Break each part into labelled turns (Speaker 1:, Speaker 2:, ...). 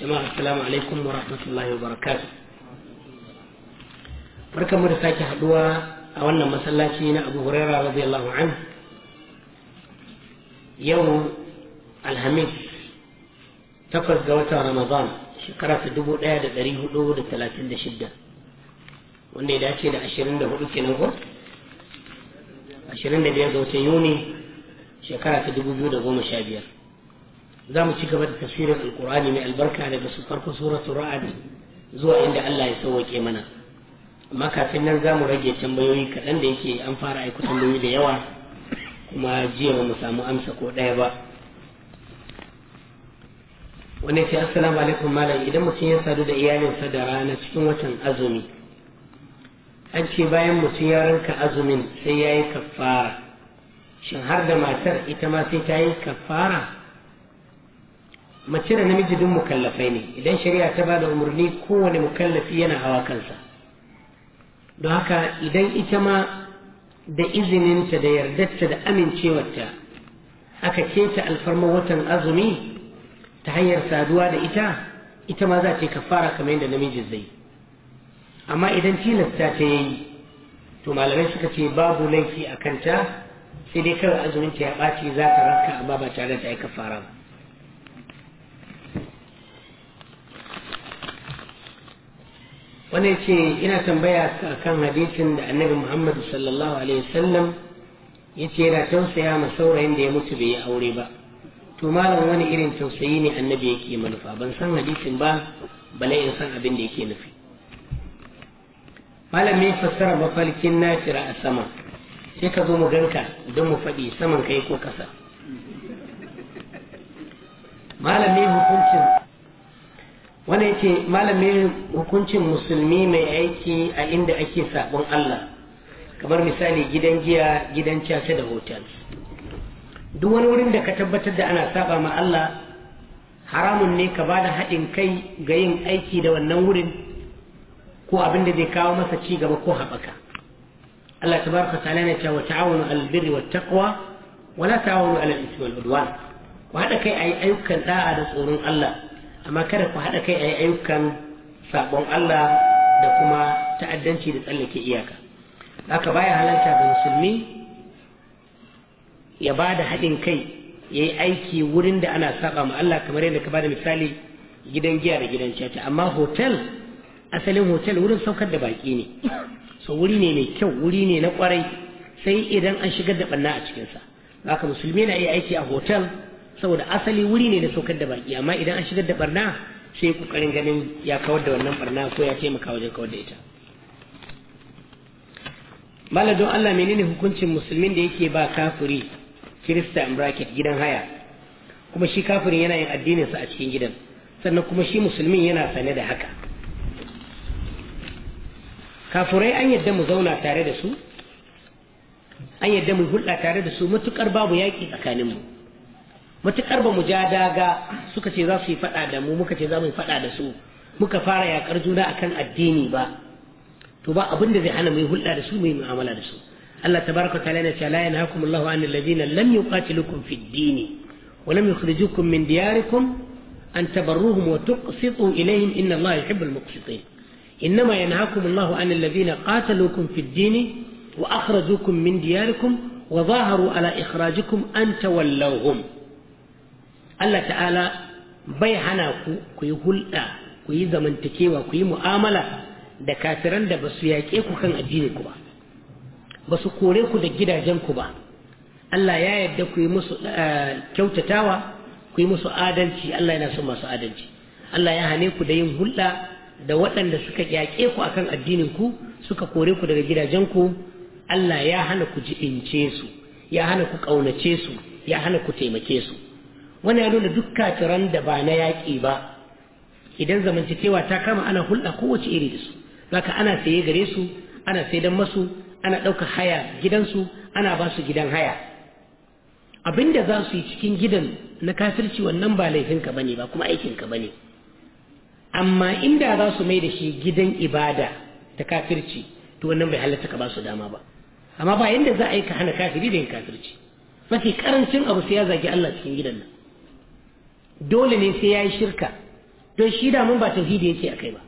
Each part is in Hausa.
Speaker 1: jama'a assalamu alaikum wa rahmatullahi wa barakatuh barkan mu da sake haduwa a wannan masallaci na Abu Hurairah radiyallahu anhu yau alhamis takwas ga watan ramadan shekara ta dubu daya da dari hudu da talatin da shidda wanda ya dace da ashirin da hudu kenan ko ashirin da biyar ga watan yuni shekara ta dubu biyu da goma sha biyar za mu ci gaba da tafsirin alkur'ani mai albarka daga su farko suratu ra'adi zuwa inda Allah ya sauwake mana amma kafin nan za mu rage tambayoyi kaɗan da yake an fara aiko tambayoyi da yawa kuma jiya ba mu samu amsa ko ɗaya ba wani ce assalamu alaikum malam idan mutum ya sadu da iyalinsa da rana cikin watan azumi an ce bayan mutum ya ranka azumin sai ya yi kafara shin har da matar ita ma sai ta yi kafara mace da namiji duk mukallafai ne idan shari'a ta ba da umarni kowane mukallafi yana hawa kansa don haka idan ita ma da izininta da yardarta da amincewarta aka keta alfarma watan azumi ta hanyar saduwa da ita ita ma za ce ka fara kamar yadda namiji zai amma idan tilasta ta yi to malamai suka ce babu laifi a kanta sai dai kawai azumin ta ya ɓaci za ta raka amma ba tare da ta yi kafara ba wani ce ina tambaya kan hadisin da annabi Muhammadu sallallahu alaihi wasallam ya ce yana tausaya ma saurayin da ya mutu bai yi aure ba to malam wani irin tausayi ne annabi yake manufa ban san hadisin ba bala in san abin da yake nufi ya fassara mafalkin nafira a sama sai ka zo mu ganka don mu faɗi saman kai ko ƙasa ya hukuncin wani yake malamin hukuncin musulmi mai aiki a inda ake sabon Allah kamar misali gidan giya gidan caca da hotel duk wani wurin da ka tabbatar da ana saba ma Allah haramun ne ka ba da haɗin kai ga yin aiki da wannan wurin ko abin da zai kawo masa ci gaba ko haɓaka Allah ta ta'ala ne cewa ta'awunu alal birri wat taqwa wala ta'awunu alal ismi wal udwan ku haɗa kai yi ayyukan da'a da tsoron Allah amma kada ku haɗa kai a ayyukan sabon Allah da kuma ta'addanci da tsallake iyaka haka baya halarta ga musulmi ya ba da haɗin kai ya yi aiki wurin da ana saba ma Allah kamar yadda ka ba da misali gidan giya da gidan cata amma hotel asalin hotel wurin saukar da baƙi ne so wuri ne mai kyau wuri ne na kwarai sai idan an shigar da ɓanna a cikinsa haka musulmi na iya aiki a hotel saboda asali wuri ne da saukar da baki amma idan an shigar da barna sai kokarin ganin ya kawar da wannan barna ko ya taimaka wajen kawar da ita malam don Allah menene hukuncin musulmin da yake ba kafiri kirista in bracket gidan haya kuma shi kafirin yana yin addinin sa a cikin gidan sannan kuma shi musulmin yana sane da haka Kafurai an yadda mu zauna tare da su an yadda mu hulɗa tare da su matukar babu yaƙi tsakaninmu mu matuƙar ba mu ja daga suka ce za su yi faɗa da mu muka ce za mu yi faɗa da su muka fara yaƙar juna akan addini ba to ba abin da zai hana mu yi hulɗa da su mu yi mu'amala da su Allah tabaraka ta'ala yana cewa la yanhaakum Allahu 'anil ladina lam yuqatilukum fid din wa lam yukhrijukum min diyarikum an tabarruhum wa tuqsitu ilayhim inna Allah yuhibbul muqsitin إنما ينهاكم الله عن الذين قاتلوكم في الدين وأخرجوكم من دياركم وظاهروا على إخراجكم أن تولوهم Allah ta'ala bai hana ku ku yi hulɗa ku yi zamantakewa ku yi mu'amala da kafiran da ba su yaƙe ku kan addini ku ba ba su kore ku da gidajen ku ba Allah ya yarda ku yi musu eh, kyautatawa ku yi musu adalci Allah yana son masu adalci Allah ya hane ku da yin hulɗa da waɗanda suka yaƙe ku akan addinin ku suka kore ku daga gidajen ku Allah ya hana ku jiɗince su ya hana ku ƙaunace su ya hana ku taimake su wani ya nuna duk kafiran da ba na yaƙi ba idan zamantakewa ta kama ana hulɗa kowace iri da su zaka ana saye gare su ana sai dan masu ana ɗauka haya gidansu ana ba su gidan haya abinda za su yi cikin gidan na kafirci wannan ba laifinka bane ba kuma aikinka bane amma inda za su mai da shi gidan ibada ta kafirci to wannan bai halatta ka ba su dama ba amma ba yanda za a yi ka hana kafiri da yin kafirci mafi karancin abu sai ya zagi Allah cikin gidan nan dole ne sai ya yi shirka don shi da mun ba tauhidi yake akai ba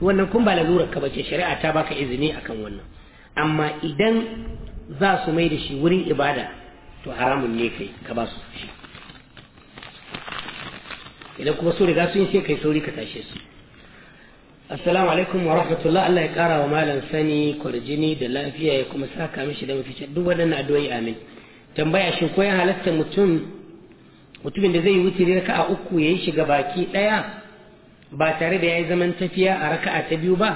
Speaker 1: wannan kun ba lalurar ka bace shari'a ta baka izini akan wannan amma idan za su mai da shi wurin ibada to haramun ne kai ka ba su shi idan kuma su riga sun sai kai sauri ka tashe su assalamu alaikum wa rahmatullah Allah ya kara wa malam sani kwarjini da lafiya ya kuma saka mishi da mafice duk waɗannan addu'o'i amin tambaya shin ko ya halatta mutum mutumin da zai yi wuturi raka'a uku ya yi shiga baki ɗaya ba tare da ya yi zaman tafiya a raka'a ta biyu ba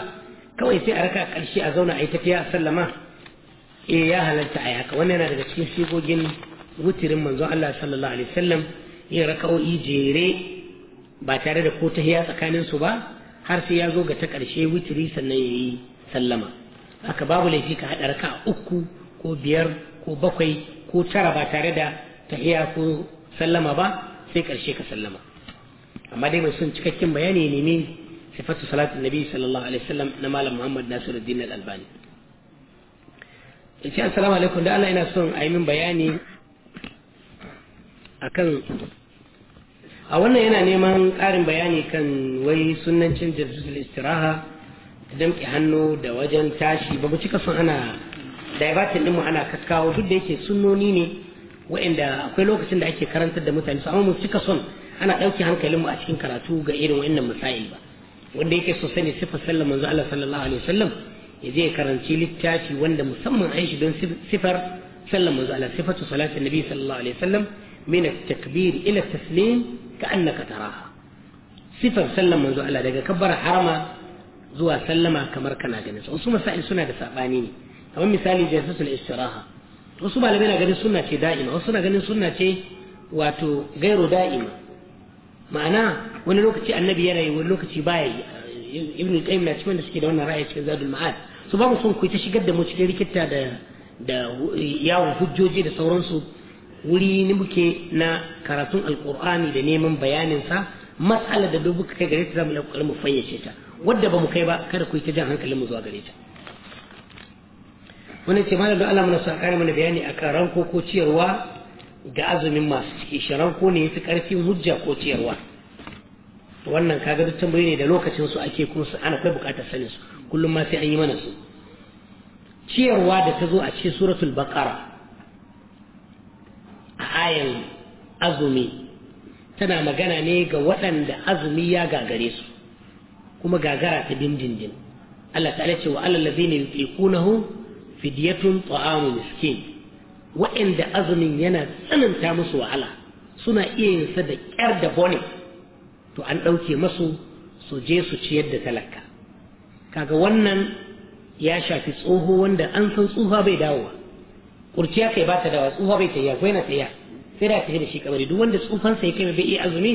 Speaker 1: kawai sai a raka'a ƙarshe a zauna a yi tafiya a sallama e ya halarta a haka wannan yana daga cikin sigogin wutirin manzon Allah sallallahu alaihi wasallam yin raka'o'i jere ba tare da ko tahiya tsakanin su ba har sai ya zo ga ta ƙarshe wutiri sannan ya yi sallama haka babu laifi ka haɗa raka'a uku ko biyar ko bakwai ko tara ba tare da tahiya ko sallama ba sai karshe ka sallama amma dai mai son cikakken bayani ne ne sifatu salatin nabi sallallahu alaihi wasallam na malam muhammad nasiruddin al-albani yace assalamu alaikum da Allah ina son a yi min bayani akan a wannan yana neman ƙarin bayani kan wai sunnancin jazzul istiraha da damƙe hannu da wajen tashi ba mu cika son ana daibatin ɗinmu ana kakkawo duk da yake sunnoni ne wa'inda akwai lokacin da ake karantar da mutane su amma mu cika son ana ɗauki hankalinmu a cikin karatu ga irin wa'innan misali ba wanda yake so sani sifar sallar manzo Allah sallallahu alaihi wasallam ya je karanci littafi wanda musamman an shi don sifar sallar manzo Allah sifatu salatin nabi sallallahu alaihi wasallam min at-takbir ila at-taslim ka'annaka taraha sifar sallar manzo Allah daga kabbar harama zuwa sallama kamar kana ganin su wasu masail suna da sabani ne kamar misali jalsatul istiraha wasu malamai na ganin suna ce da'ima wasu na ganin suna ce wato gairo da'ima ma'ana wani lokaci annabi yana yi wani lokaci baya yi ibn qayyim na cikin da suke da wannan ra'ayi cikin zadul ma'ad su ba mu son ku ta shigar da mu cikin rikitta da da yawon hujjoji da sauransu wuri ne muke na karatun Alqur'ani da neman bayanin sa matsala da duk kai gare ta zamu yi mu fayyace ta wadda ba mu kai ba kada ku yi ta jan hankalin mu zuwa gare ta wani ce mana don Allah mana sa kare mana bayani akan ranko ko ciyarwa ga azumin masu ciki shi ranko ne yafi ƙarfin hujja ko ciyarwa wannan kaga duk tambayi ne da lokacin su ake kuma su ana kai bukatar sanin su kullum ma sai an yi mana su ciyarwa da ta zo a cikin suratul baqara a ayan azumi tana magana ne ga waɗanda azumi ya gagare su kuma gagara ta dindindin Allah ta'ala ce wa alal ladina yutiqunahu fidyatun ta'amu miskin waɗanda azumin yana tsananta musu wahala suna iya yin sa da ƙyar da bone to an ɗauke masu su je su ciyar da talaka kaga wannan ya shafi tsoho wanda an san tsufa bai dawowa kurciya kai ba ta dawa tsufa bai yi ko yana tafiya sai da tafi da shi kabari duk wanda tsufansa ya kai bai iya azumi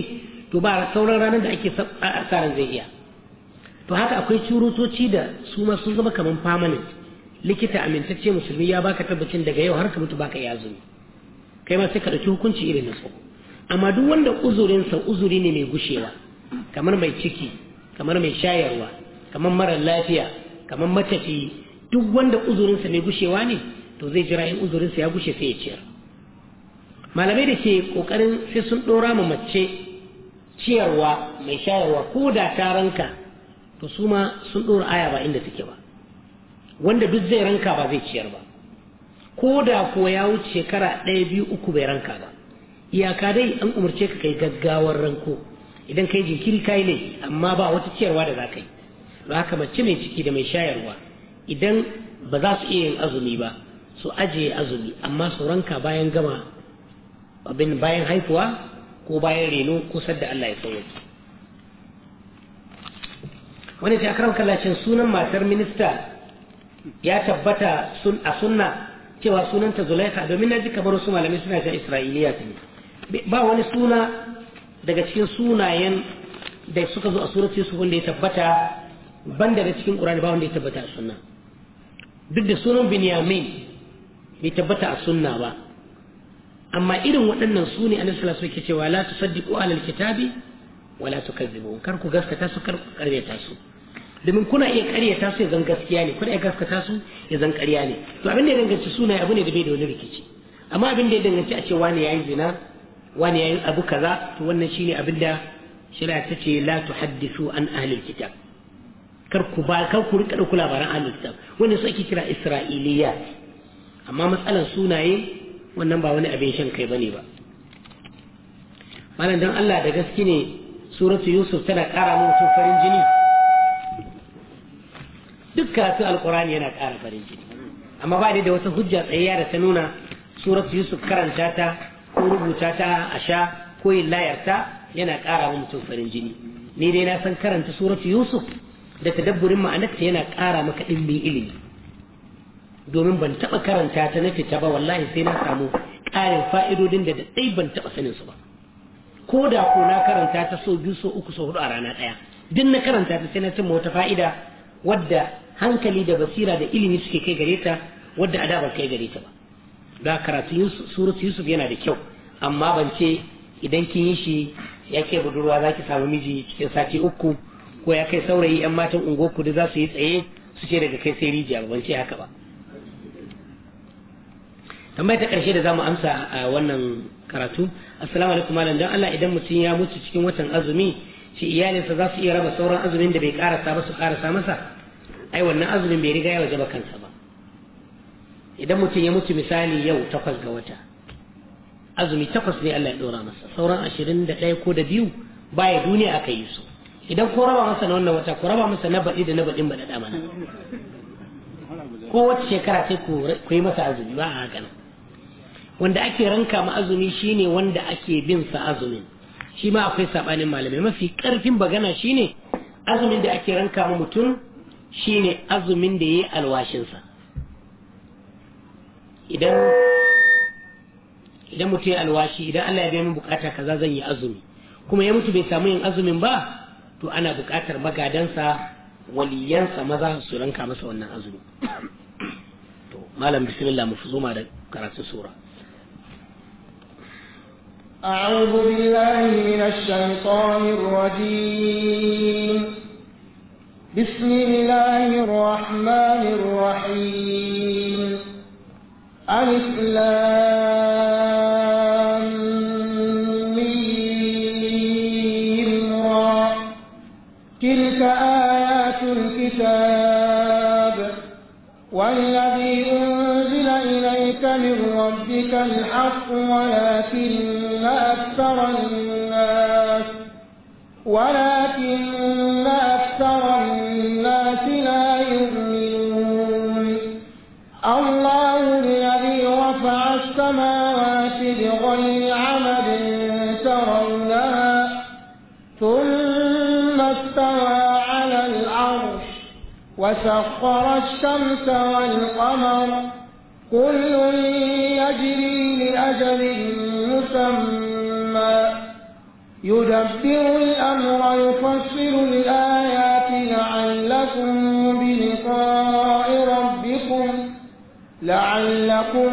Speaker 1: to ba sauran ranar da ake sa zai iya to haka akwai curutoci da su ma sun zama kamar permanent likita amintacce musulmi ya baka tabbacin daga yau har ka mutu baka yi azumi kai ma sai ka ɗauki hukunci irin na nasu amma duk wanda uzurinsa uzuri ne mai gushewa kamar mai ciki kamar mai shayarwa kamar mara lafiya kamar matafi duk wanda uzurinsa mai gushewa ne to zai jira in uzurinsa ya gushe sai ya ciyar malamai da ke kokarin sai sun ɗora ma mace ciyarwa mai shayarwa ko da ta ranka to su ma sun ɗora aya ba inda take ba wanda duk zai ranka ba zai ciyar ba ko da kuwa ya wuce shekara ɗaya biyu uku bai ranka ba iyaka dai an umarce ka kai gaggawar ranko idan kai jinkiri kai ne amma ba wata ciyarwa da za ka yi ba haka mace mai ciki da mai shayarwa idan ba za su iya yin azumi ba su ajiye azumi amma su ranka bayan gama abin bayan haifuwa ko bayan reno ko da Allah ya sauya wani ta karan sunan matar minista ya tabbata a sunna cewa sunanta zulaika domin na ji kamar wasu malamai suna ta isra'iliya ne ba wani suna daga cikin sunayen da suka zo a surat su wanda ya tabbata ban daga cikin qur'ani ba wanda ya tabbata a sunna duk da sunan binyamin bai tabbata a sunna ba amma irin waɗannan su ne annabi sallallahu alaihi wasallam yake cewa la tusaddiqu alal kitabi wala tukazzibu kar ku gaskata su kar ku karyata su domin kuna iya karya su ya zan gaskiya ne kuna iya gaskata su ya zan karya ne to abin da ya danganci sunaye abu ne da bai da wani rikici amma abin da ya danganci a ce wani yayi zina wani yayin abu kaza to wannan shine abin da shari'a ta ce la tuhaddisu an ahlil kitab kar ku ba kar ku rika da labaran ahlul kitab wannan su ake kira Isra'iliya, amma matsalan sunaye wannan ba wani abin shan kai bane ba malam dan Allah da gaske ne suratu yusuf tana kara mutum farin jini duk karatu alkurani yana ƙara farin jini amma ba da wata hujja tsayayya da ta nuna surat yusuf karanta ta ko rubuta ta a sha ko yin layarta yana ƙara wa mutum farin jini ni dai na san karanta surat yusuf da tadabburin ma'anarta yana ƙara maka ɗimbin ilimi domin ban taɓa karanta ta na fita ba wallahi sai na samu ƙarin fa'idodin da daɗai ban taɓa sanin su ba ko da ko na karanta ta so biyu so uku so hudu a rana ɗaya duk na karanta ta sai na cimma wata fa'ida wadda hankali da basira da ilimi suke kai gare ta wadda a da ba kai gare ta ba da karatu surat yusuf yana da kyau amma ban ce idan kin yi shi ya ke budurwa za ki samu miji cikin sati uku ko ya kai saurayi yan matan unguwar da za su yi tsaye su ce daga kai sai rijiya ban ce haka ba tambaya ta karshe da za mu amsa a wannan karatu assalamu alaikum malam dan Allah idan mutum ya mutu cikin watan azumi shi iyalinsa za su iya raba sauran azumin da bai karasa ba su karasa masa ai wannan azumin bai riga ya ba kansa ba idan mutum ya mutu misali yau takwas ga wata azumi takwas ne Allah ya ɗora masa sauran ashirin da ɗaya ko da biyu baya duniya aka yi su idan ko raba masa na wannan wata ko raba masa na baɗi da na baɗin ba da mana
Speaker 2: ko wata shekara
Speaker 1: sai ku yi masa azumi ba a haka wanda ake ranka ma azumi shine wanda ake bin sa azumin shi ma akwai saɓanin malamai mafi ƙarfin bagana shine azumin da ake ranka ma mutum shine azumin da ya yi alwashinsa idan idan mutum ya alwashi idan Allah ya biya bukata kaza zan yi azumi kuma ya mutu bai samu yin azumin ba to ana bukatar magadansa waliyansa maza su ranka masa wannan azumi to malam bismillah mu fuzuma da karatu sura
Speaker 3: أعوذ بالله من الشيطان الرجيم بسم الله الرحمن الرحيم ألف لام تلك آيات الكتاب والذي أنزل إليك من ربك الحق ولكن أكثر الناس ولكن أكثر الناس وسخر الشمس والقمر كل يجري لأجل مسمى يدبر الأمر يفصل الآيات لعلكم بلقاء ربكم لعلكم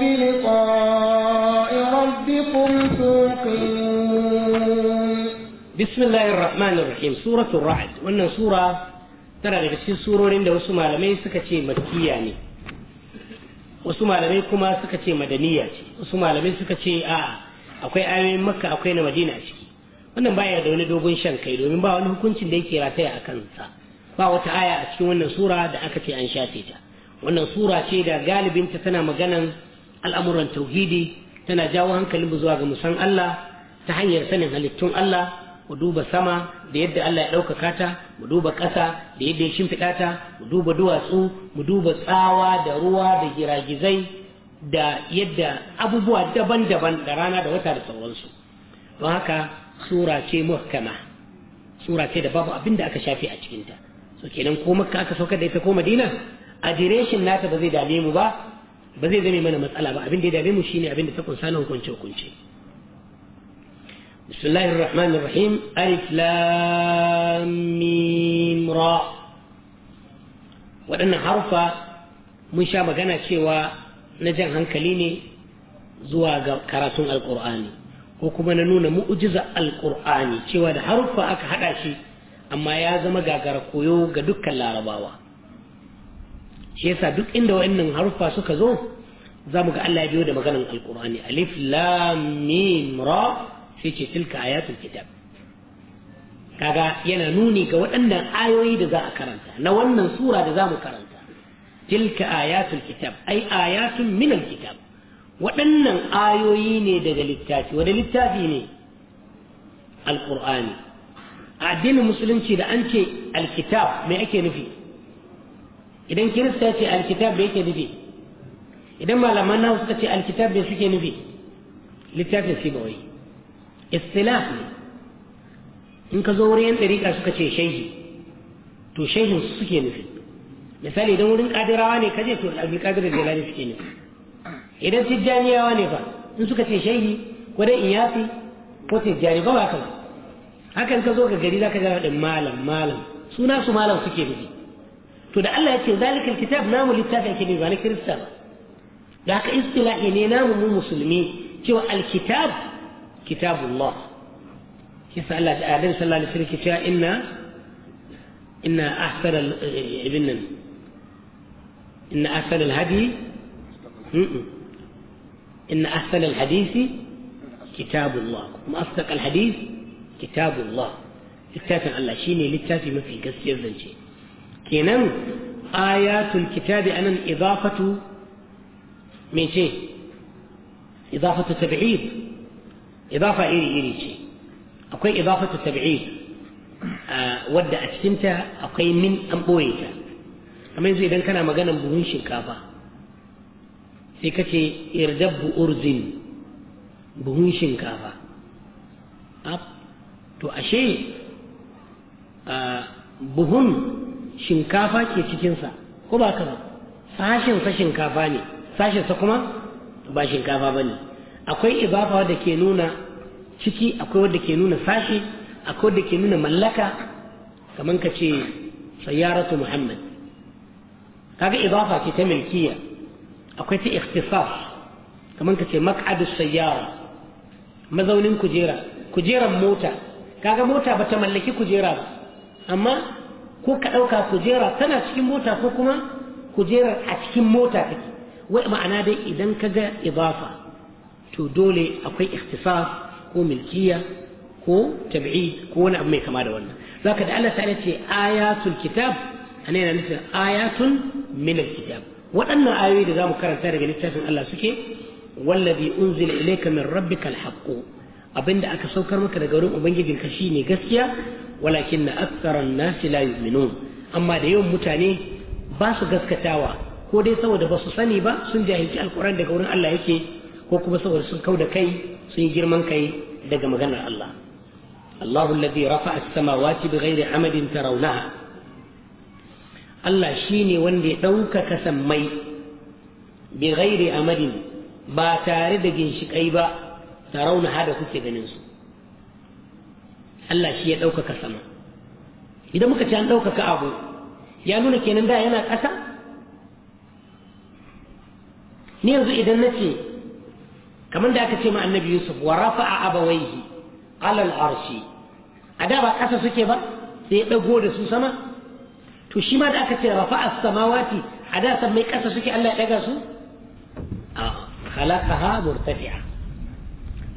Speaker 3: بلقاء ربكم توقنون
Speaker 1: بسم الله الرحمن الرحيم سورة الرعد وأن سورة tana daga cikin surorin da wasu malamai suka ce makkiya ne wasu malamai kuma suka ce madaniya ce wasu malamai suka ce a akwai ayoyin makka akwai na madina ciki wannan baya da wani dogon shan kai domin ba wani hukuncin da yake rataya a kansa ba wata aya a cikin wannan sura da aka ce an shafe ta wannan sura ce da galibinta tana maganan al'amuran tauhidi tana jawo hankalin zuwa ga musan Allah ta hanyar sanin halittun Allah mu duba sama da yadda Allah ya ɗaukaka ta mu duba ƙasa da yadda ya shimfiɗa ta mu duba duwatsu mu duba tsawa da ruwa da giragizai da yadda abubuwa daban-daban da rana da wata da sauransu don haka sura ce muhkama sura ce da babu abinda aka shafe a cikinta so kenan ko makka aka saukar da ita ko madina adireshin nata ba zai dame mu ba ba zai zame mana matsala ba abin da ya dame mu shine abin da ta kunsa na hukunce hukunce بسم الله الرحمن الرحيم ألف لام ميم را waɗannan harfa mun sha magana cewa na jan hankali ne zuwa ga karatun alƙur'ani ko kuma na nuna mu'ujiza alƙur'ani cewa da harfa aka haɗa shi amma ya zama gagara koyo ga dukkan larabawa shi yasa duk inda waɗannan harfa suka zo za mu ga Allah ya biyo da maganan alƙur'ani alif lam mim sai ce tilka ayatul kitab kaga yana nuni ga waɗannan ayoyi da za a karanta na wannan sura da za mu karanta tilka ayatul kitab ai ayatun min kitab waɗannan ayoyi ne daga littafi wani littafi ne alƙur'ani addinin musulunci da an ce alkitab mai ake nufi idan kirista ce alkitab da yake nufi idan malaman nawa suka ce alkitab da suke nufi littafin sibawai istilah ne in ka zo wurin yan tsarika suka ce shehi to shehin su suke nufi misali idan wurin kadirawa ne kaje to alƙadir da jalali suke nufi idan tijjaniyawa ne fa in suka ce shehi ko dai fi ko tijjani ba ba haka ba hakan ka zo ga gari zaka ga din malam malam suna su malam suke nufi to da Allah ya ce zalikal kitab namu littafi ake ne ba na kirista ba da haka istilahi ne namu mu musulmi cewa alkitab كتاب الله قال لك آدم آه، صلى الله عليه وسلم كتاب إن إن أحسن ابن إن أحسن الهدي إن أحسن الحديث كتاب الله ما أصدق الحديث كتاب الله littafin ما في قصة يزن شيء كينام آيات الكتاب kitabi إضافة من شيء إضافة تبعيد idafa iri-iri ce akwai idafatu tabi'id wadda a cikinta akwai min an ɓoye ta amma yanzu idan kana maganan buhun shinkafa sai ka ce irdabbu urzin buhun shinkafa to ashe buhun shinkafa ke cikinsa ko ba ka ba sashinsa shinkafa ne sashinsa kuma ba shinkafa ba ne akwai ibafa da ke nuna ciki akwai wadda ke nuna sashi akwai wadda ke nuna mallaka kamar ka ce sayyaratu muhammad kaga ibafa ce ta milkiya akwai ta ikhtisas kamar ka ce maq'adu sayyara mazaunin kujera kujeran mota kaga mota ba ta mallaki kujera ba amma ko ka ɗauka kujera tana cikin mota ko kuma kujerar a cikin mota take wai ma'ana dai idan ka ga ibafa to dole akwai ikhtisas ko milkiya ko tab'id ko wani abu mai kama da wannan zaka da Allah ta'ala ce ayatul kitab ana yana nufin ayatun min alkitab waɗannan ayoyi da zamu karanta daga littafin Allah suke wallazi unzila ilayka min rabbika alhaq abinda aka saukar maka daga wurin ubangijinka shine gaskiya walakin na aktsaran nasi la yu'minun amma da yawan mutane ba su gaskatawa ko dai saboda ba su sani ba sun jahilci alquran daga wurin Allah yake ko kuma saboda sun kau da kai sun yi girman kai daga maganar Allah Allahu alladhi rafa'a as-samawati bighairi amadin tarawnaha Allah shine wanda ya ɗaukaka sammai bighairi amadin ba tare da ginshiƙai ba tarawnaha da kuke ganin su Allah shi ya ɗaukaka sama idan muka ci an ɗaukaka abu ya nuna kenan da yana ƙasa ni yanzu idan na ce kamar da aka ce ma annabi yusuf wa rafa'a abawaihi alal arshi a da ba kasa suke ba sai ya ɗago da su sama to shi ma da aka ce rafa'a samawati a da san mai kasa suke Allah ya ɗaga su a khalaqaha murtafi'a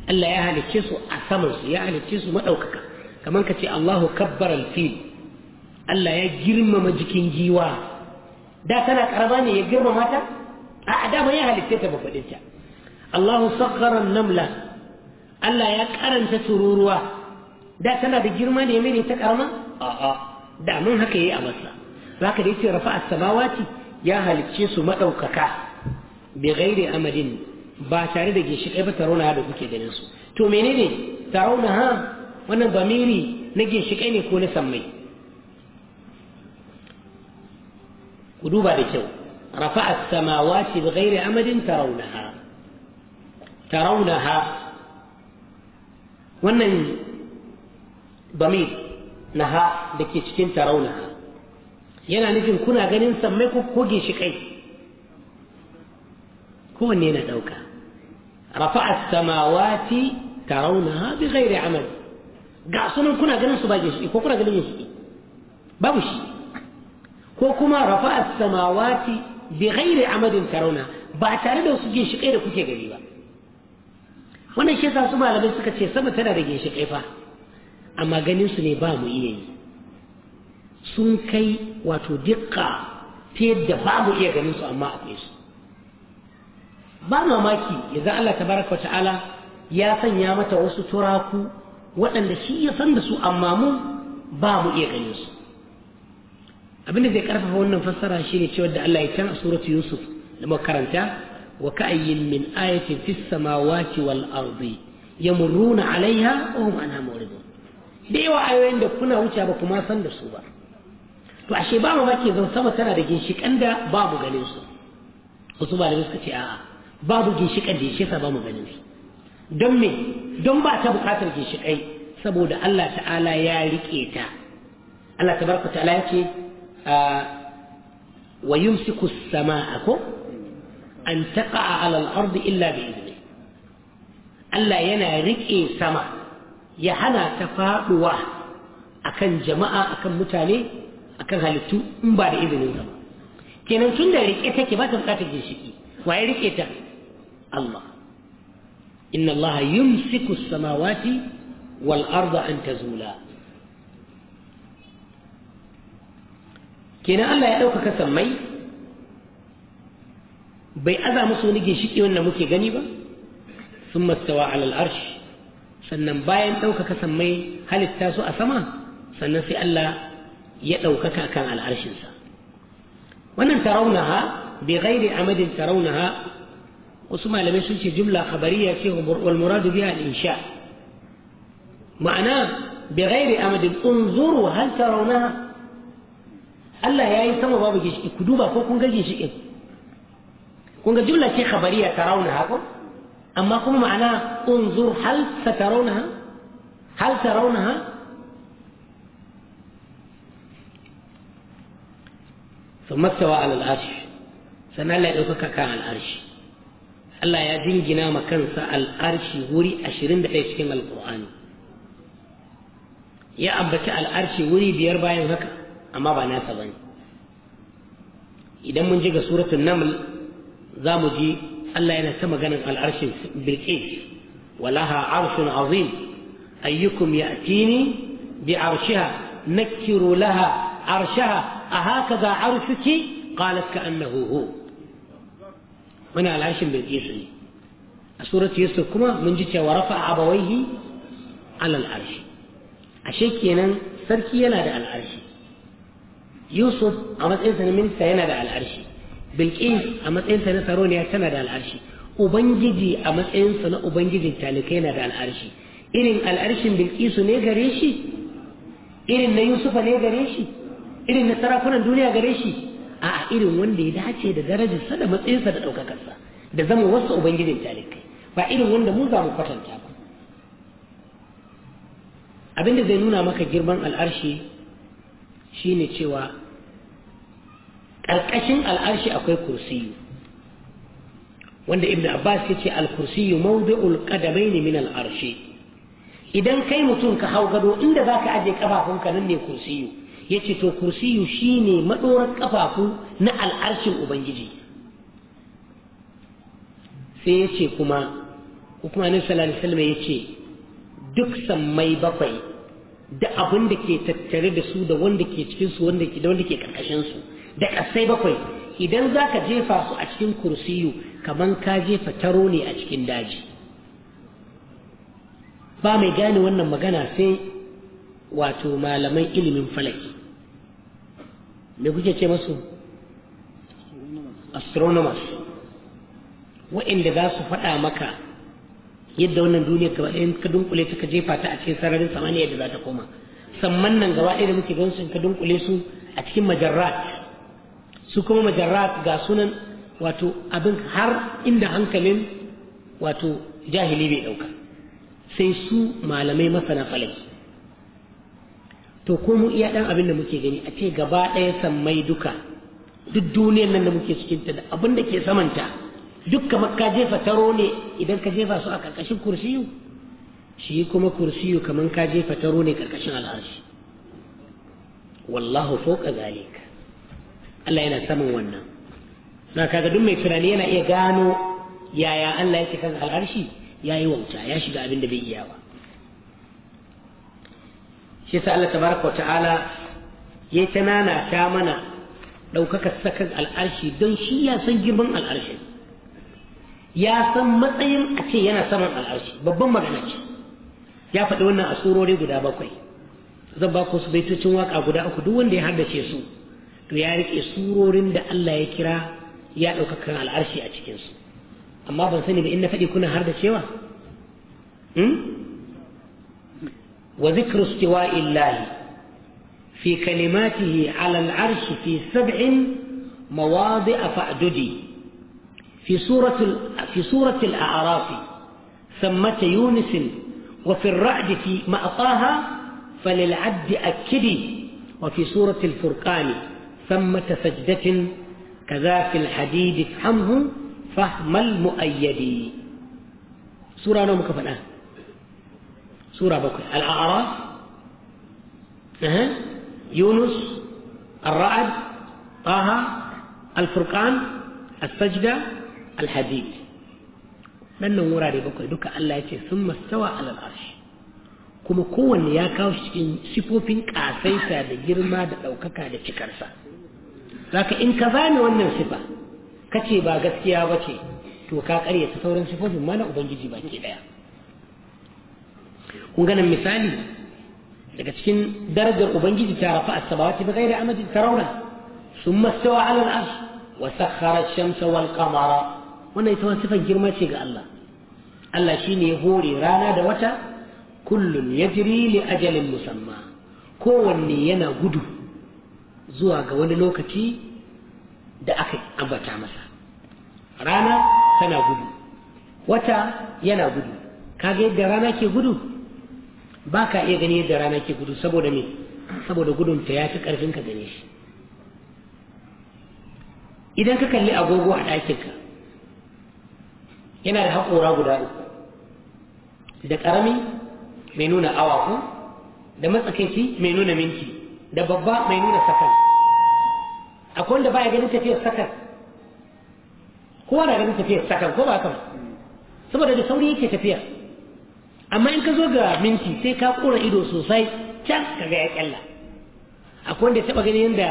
Speaker 1: Allah ya halicce su a saman su ya halicce su madaukaka kamar ka ce Allahu kabbara al-fil Allah ya girmama jikin giwa da tana karama ne ya girmama ta a da ya halicce ta ba ta Allahu sakhara namla Allah ya karanta tururuwa da tana da girma ne mai ta karama a'a da mun haka yayi a masa zaka da yace rafa'a samawati ya halicce su madaukaka bi ghairi amadin ba tare da ginshiƙai ba tarauna da kuke ganin su to menene tarauna ha wannan bamiri na ginshiƙai ne ko na sammai ku duba da kyau rafa'a samawati bi ghairi amadin tarawnaha ترونها ونن ضمير نها دكي شكين ترونها يعني نفين كنا غنين سميكو كوجي شكي كو نينا دوكا رفع السماوات ترونها بغير عمل قاسون كنا غنين سباجي شكي كو كنا غنين شكي بابوشي كو كما رفع السماوات بغير عمل ترونها باتاردو سجي شكي ركوكي غريبا wannan shi yasa su malamai suka ce sama tana da ginshe kaifa amma ganin su ne ba mu iya yi sun kai wato dukka ta yadda ba mu iya ganin su amma akwai su ba mamaki yanzu Allah Ta baraka ta'ala ya sanya mata wasu turaku waɗanda shi ya san da su amma mu ba mu iya ganin su abinda zai karfafa wannan fassara shine cewa da Allah ya can a suratu Yusuf da makaranta Wa min وكأي من آية في السماوات والأرض يمرون عليها وهم عنها معرضون da yawa ayoyin da kuna wuce ba kuma san da su ba to ashe ba mu baki zan sama tana da ginshikan da babu ganin su wasu ba da suka ce a'a babu ginshikan da yake sa ba mu ganin su don me don ba ta bukatar ginshikai saboda Allah ta'ala ya rike ta Allah tabaraka ta'ala yake ah, wa yumsiku as-samaa'a ko an taqa a alal ardi illa bi izini. Allah yana riƙe sama ya hana ta faduwa akan jama'a akan mutane akan halittu in ba da izinin ba kenan tun da riƙe take ba ta ginshiƙi. Wa ya rike ta Allah inna Allah yumsiku samawati wal arda an tazula kenan Allah ya ɗaukaka sammai bai aza musu wani ginshiki wanda muke gani ba sun mastawa alal arshi sannan bayan ɗaukaka sammai halitta su a sama sannan sai Allah ya ɗaukaka kan al'arshinsa wannan ha bi ghairi amadin ha wasu malamai sun ce jumla khabariya ce wal muradu biha al insha ma'ana bi gairi amadin unzuru hal tarawunaha Allah ya yi sama babu gishiki ku duba ko kun ga gishikin kunga جملة ce khabariya ترونها hakan amma kuma ma'ana unzur هل satarawna hal tarawna ثم استوى على العرش سنة الله يوكك كان العرش الله يجين جنا مكان سا العرش وري أشرين ده يشكين القرآن يا أبتي العرش وري بير باين هكا أما بنا سبان إذا من جيغ سورة النمل za mu ji Allah yana ta maganin al'arshin Bilqis walaha arshun azim ayyukum ya'tini bi arshiha nakkiru laha arshaha ahakaza arshuki qalat ka'annahu hu wani al'arshin Bilqis ne a surat Yusuf kuma mun ji cewa rafa abawaihi alal arshi ashe kenan sarki yana da al'arshi Yusuf a matsayinsa na minista yana da al'arshi bilqis a matsayinsa na saroniya tana da al'arshi ubangiji a matsayinsa na ubangijin talikai na da al'arshi irin al'arshin bilqisu ne gare shi irin na yusufa ne gare shi irin na sarakunan duniya gare shi a irin wanda ya dace da darajarsa da matsayinsa da ɗaukakarsa da zama wasu ubangijin talikai ba irin wanda mu za mu kwatanta ba abinda zai nuna maka girman al'arshi shine cewa ƙarƙashin al'arshi akwai kursiyu wanda ibn abbas ya ce al-kursiyu mawdi'ul ne min al idan kai mutum ka hau gado inda za zaka aje kafafunka nan ne kursiyu ce to kursiyu ne madorar ƙafafu na al'arshin ubangiji sai yace kuma kuma ne sallallahu alaihi wasallam ce, duk sammai bakwai da abin da ke tattare da su da wanda ke cikinsu da da ƙasai bakwai idan za ka jefa su a cikin kursiyu kaman ka jefa taro ne a cikin daji ba mai gane wannan magana sai wato malaman ilimin falaki me kuke ce masu astronomers waɗanda za su faɗa maka yadda wannan duniya ka ɗayan ka dunkule ta ka jefa ta a cikin sararin samaniya da za ta koma samman nan gaba ɗaya da muke su ka dunkule su a cikin majarrat su kuma majarrat ga sunan wato abin har inda hankalin wato jahili bai ɗauka sai su malamai masana falaki to ko mu iya dan abin da muke gani a ce gaba ɗaya sammai duka duk duniyar nan da muke cikinta da abin da ke samanta duk kamar ka jefa taro ne idan ka jefa su a karkashin kursiyu shi kuma kursiyu kamar ka jefa taro ne ƙarƙashin al'arshi wallahu fauka zalik Allah yana saman wannan na kaga duk mai tunani yana iya gano yaya Allah yake kan al'arshi ya yi wauta ya shiga abin da bai iya ba shi sa Allah tabaraka wa ta'ala ya ta nana ta mana ɗaukaka sakan al'arshi don shi ya san girman al'arshi ya san matsayin a ce yana saman al'arshi babban magana ce ya faɗi wannan a tsurori guda bakwai zan ba ku su baitocin waƙa guda uku duk wanda ya haddace su to ya rike surorin da Allah ya kira ya ɗauka kan al'arshi a cikin su amma ban sani ba inna fadi kuna har da cewa hmm wa zikru istiwa'i illahi fi kalimatihi ala al'arshi fi sab'in مواضع فأددي في سورة, في سورة الأعراف ثمة يونس وفي الرعد في مأطاها فللعبد أكدي وفي سورة الفرقان ثمة سجدة كذاك الحديد افهمه فهم المؤيد سورة نوم الآن سورة بكر الأعراف أه. يونس الرعد طه الفرقان السجدة الحديد من نورا بكر دك الله يتي ثم استوى على العرش كما كون يا kawo cikin sifofin ƙasaita da girma zaka in ka zame wannan sifa kace ba gaskiya ba ce to ka karya ta sauran sifofin mana ubangiji baki daya kun ganin misali daga cikin darajar ubangiji ta rafa as-samawati bighairi amadin tarawna thumma istawa 'ala al-'arsh wa sakhkhara ash-shamsa wal-qamara wannan ita sifan girma ce ga Allah Allah shine ya hore rana da wata kullun yajri li ajalin musamma kowanne yana gudu zuwa ga wani lokaci da aka ambata masa rana tana gudu wata yana gudu kaga yadda rana ke gudu ba ka iya gani yadda rana ke gudu saboda me saboda gudun ta ya fi karfin ka gane shi idan ka kalli agogo a ɗakinka yana da haƙora guda uku da ƙarami mai nuna awa ko? da matsakaici mai nuna minti da babba mai nuna sakan akwai wanda baya ganin tafiyar sakan kowa na ganin tafiyar sakan ko ba kama? saboda da sauri yake tafiya amma in ka zo ga minti sai ka kura ido sosai can ka ga ya kyalla akwai wanda ya taba ganin yadda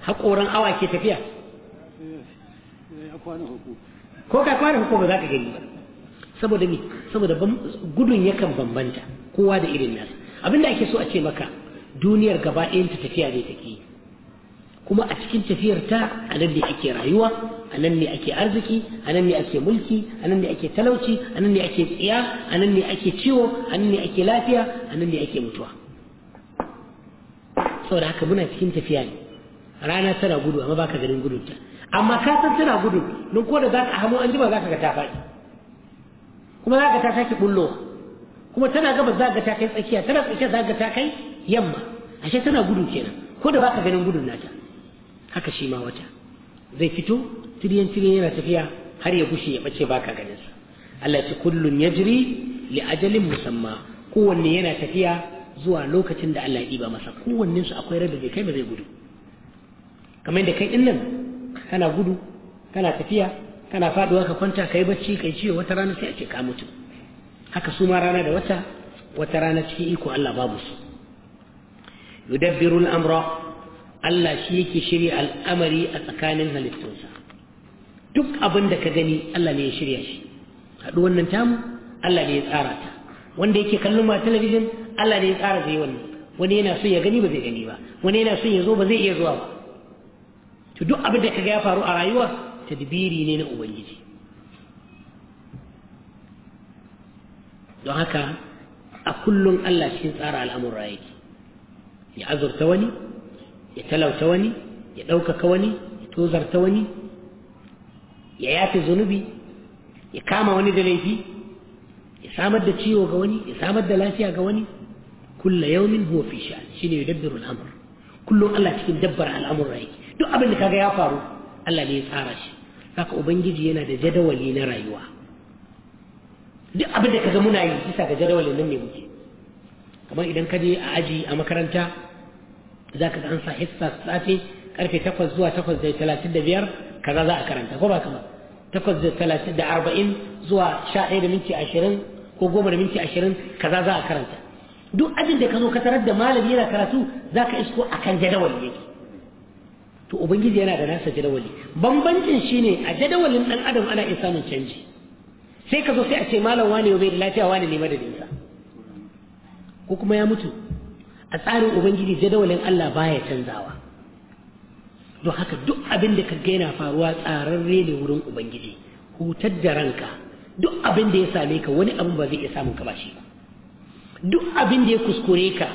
Speaker 1: haƙoran awa ke tafiya ko ka kwana ba za ka gani ba saboda mi saboda gudun yakan bambanta kowa da irin nasa abinda ake so a ce maka duniyar gaba ɗayanta tafiya ne take kuma a cikin tafiyar ta a nan ne ake rayuwa a nan ne ake arziki a nan ne ake mulki a nan ne ake talauci a nan ne ake tsiya a nan ne ake ciwo a nan ne ake lafiya a nan ne ake mutuwa saboda haka muna cikin tafiya ne rana tana gudu amma baka ganin ta amma ka san tana gudu don ko da za ka hamo an jima za ka ga ta faɗi kuma za ka ta sake bullo kuma tana gaba za ka ta kai tsakiya tana tsakiya za ka ta kai yamma ashe tana gudu kenan ko da baka ganin gudun nata haka shi ma wata zai fito tiriyan tiriyan yana tafiya har ya gushe ya bace baka ganin sa Allah ce kullun yajri li ajalin musamma kowanne yana tafiya zuwa lokacin da Allah ya diba masa kowannen su akwai rabbi kai ba zai gudu kamar da kai din nan kana gudu kana tafiya kana faduwa ka kwanta kai bacci kai ciwo wata rana sai a ce ka mutu haka su ma rana da wata wata rana cikin iko Allah babu su yudabbiru al'amra Allah shi yake shirya al'amari a tsakanin halittunsa duk abin ka gani Allah ne ya shirya shi haɗu wannan tamu Allah ne ya tsara ta wanda yake kallon ma talabijin Allah ne ya tsara zai wannan wani yana so ya gani ba zai gani ba wani yana so ya zo ba zai iya zuwa ba to duk abin da kaga ya faru a rayuwa tadbiri ne na ubangiji don haka a kullum Allah cikin tsara al'amuran ya azurta wani ya talauta wani ya ɗaukaka wani ya tozarta wani ya yafe zunubi ya kama wani da laifi ya samar da ciwo ga wani ya samar da lafiya ga wani kulla yaumin huwa fi sha shine yudabbiru al-amr kullum Allah cikin dabbar al'amura yake duk abin da kaga ya faru Allah ne ya tsara shi haka ubangiji yana da jadawali na rayuwa duk abin da kaga muna yi bisa ga jadawalin nan ne muke kamar idan ka je a aji a makaranta za ka ga an sa hissa safe karfe takwas zuwa takwas da talatin da biyar kaza za a karanta ko ba kama takwas da talatin da arba'in zuwa sha da minti ashirin ko goma da minti ashirin kaza za a karanta duk ajin da ka zo ka tarar da malami yana karatu za ka isko a kan jadawali yake to ubangiji yana da nasa jadawali bambancin shine a jadawalin dan adam ana iya samun canji sai ka zo sai a ce malam wane yau bai da lafiya wane ne madadinsa ko kuma ya mutu a tsarin ubangiji jadawalin Allah baya canzawa don haka duk abin da kaga yana faruwa tsararre ne wurin ubangiji hutar da ranka duk abin da ya same ka wani abin ba zai iya samun ka ba shi duk abin da ya kuskure ka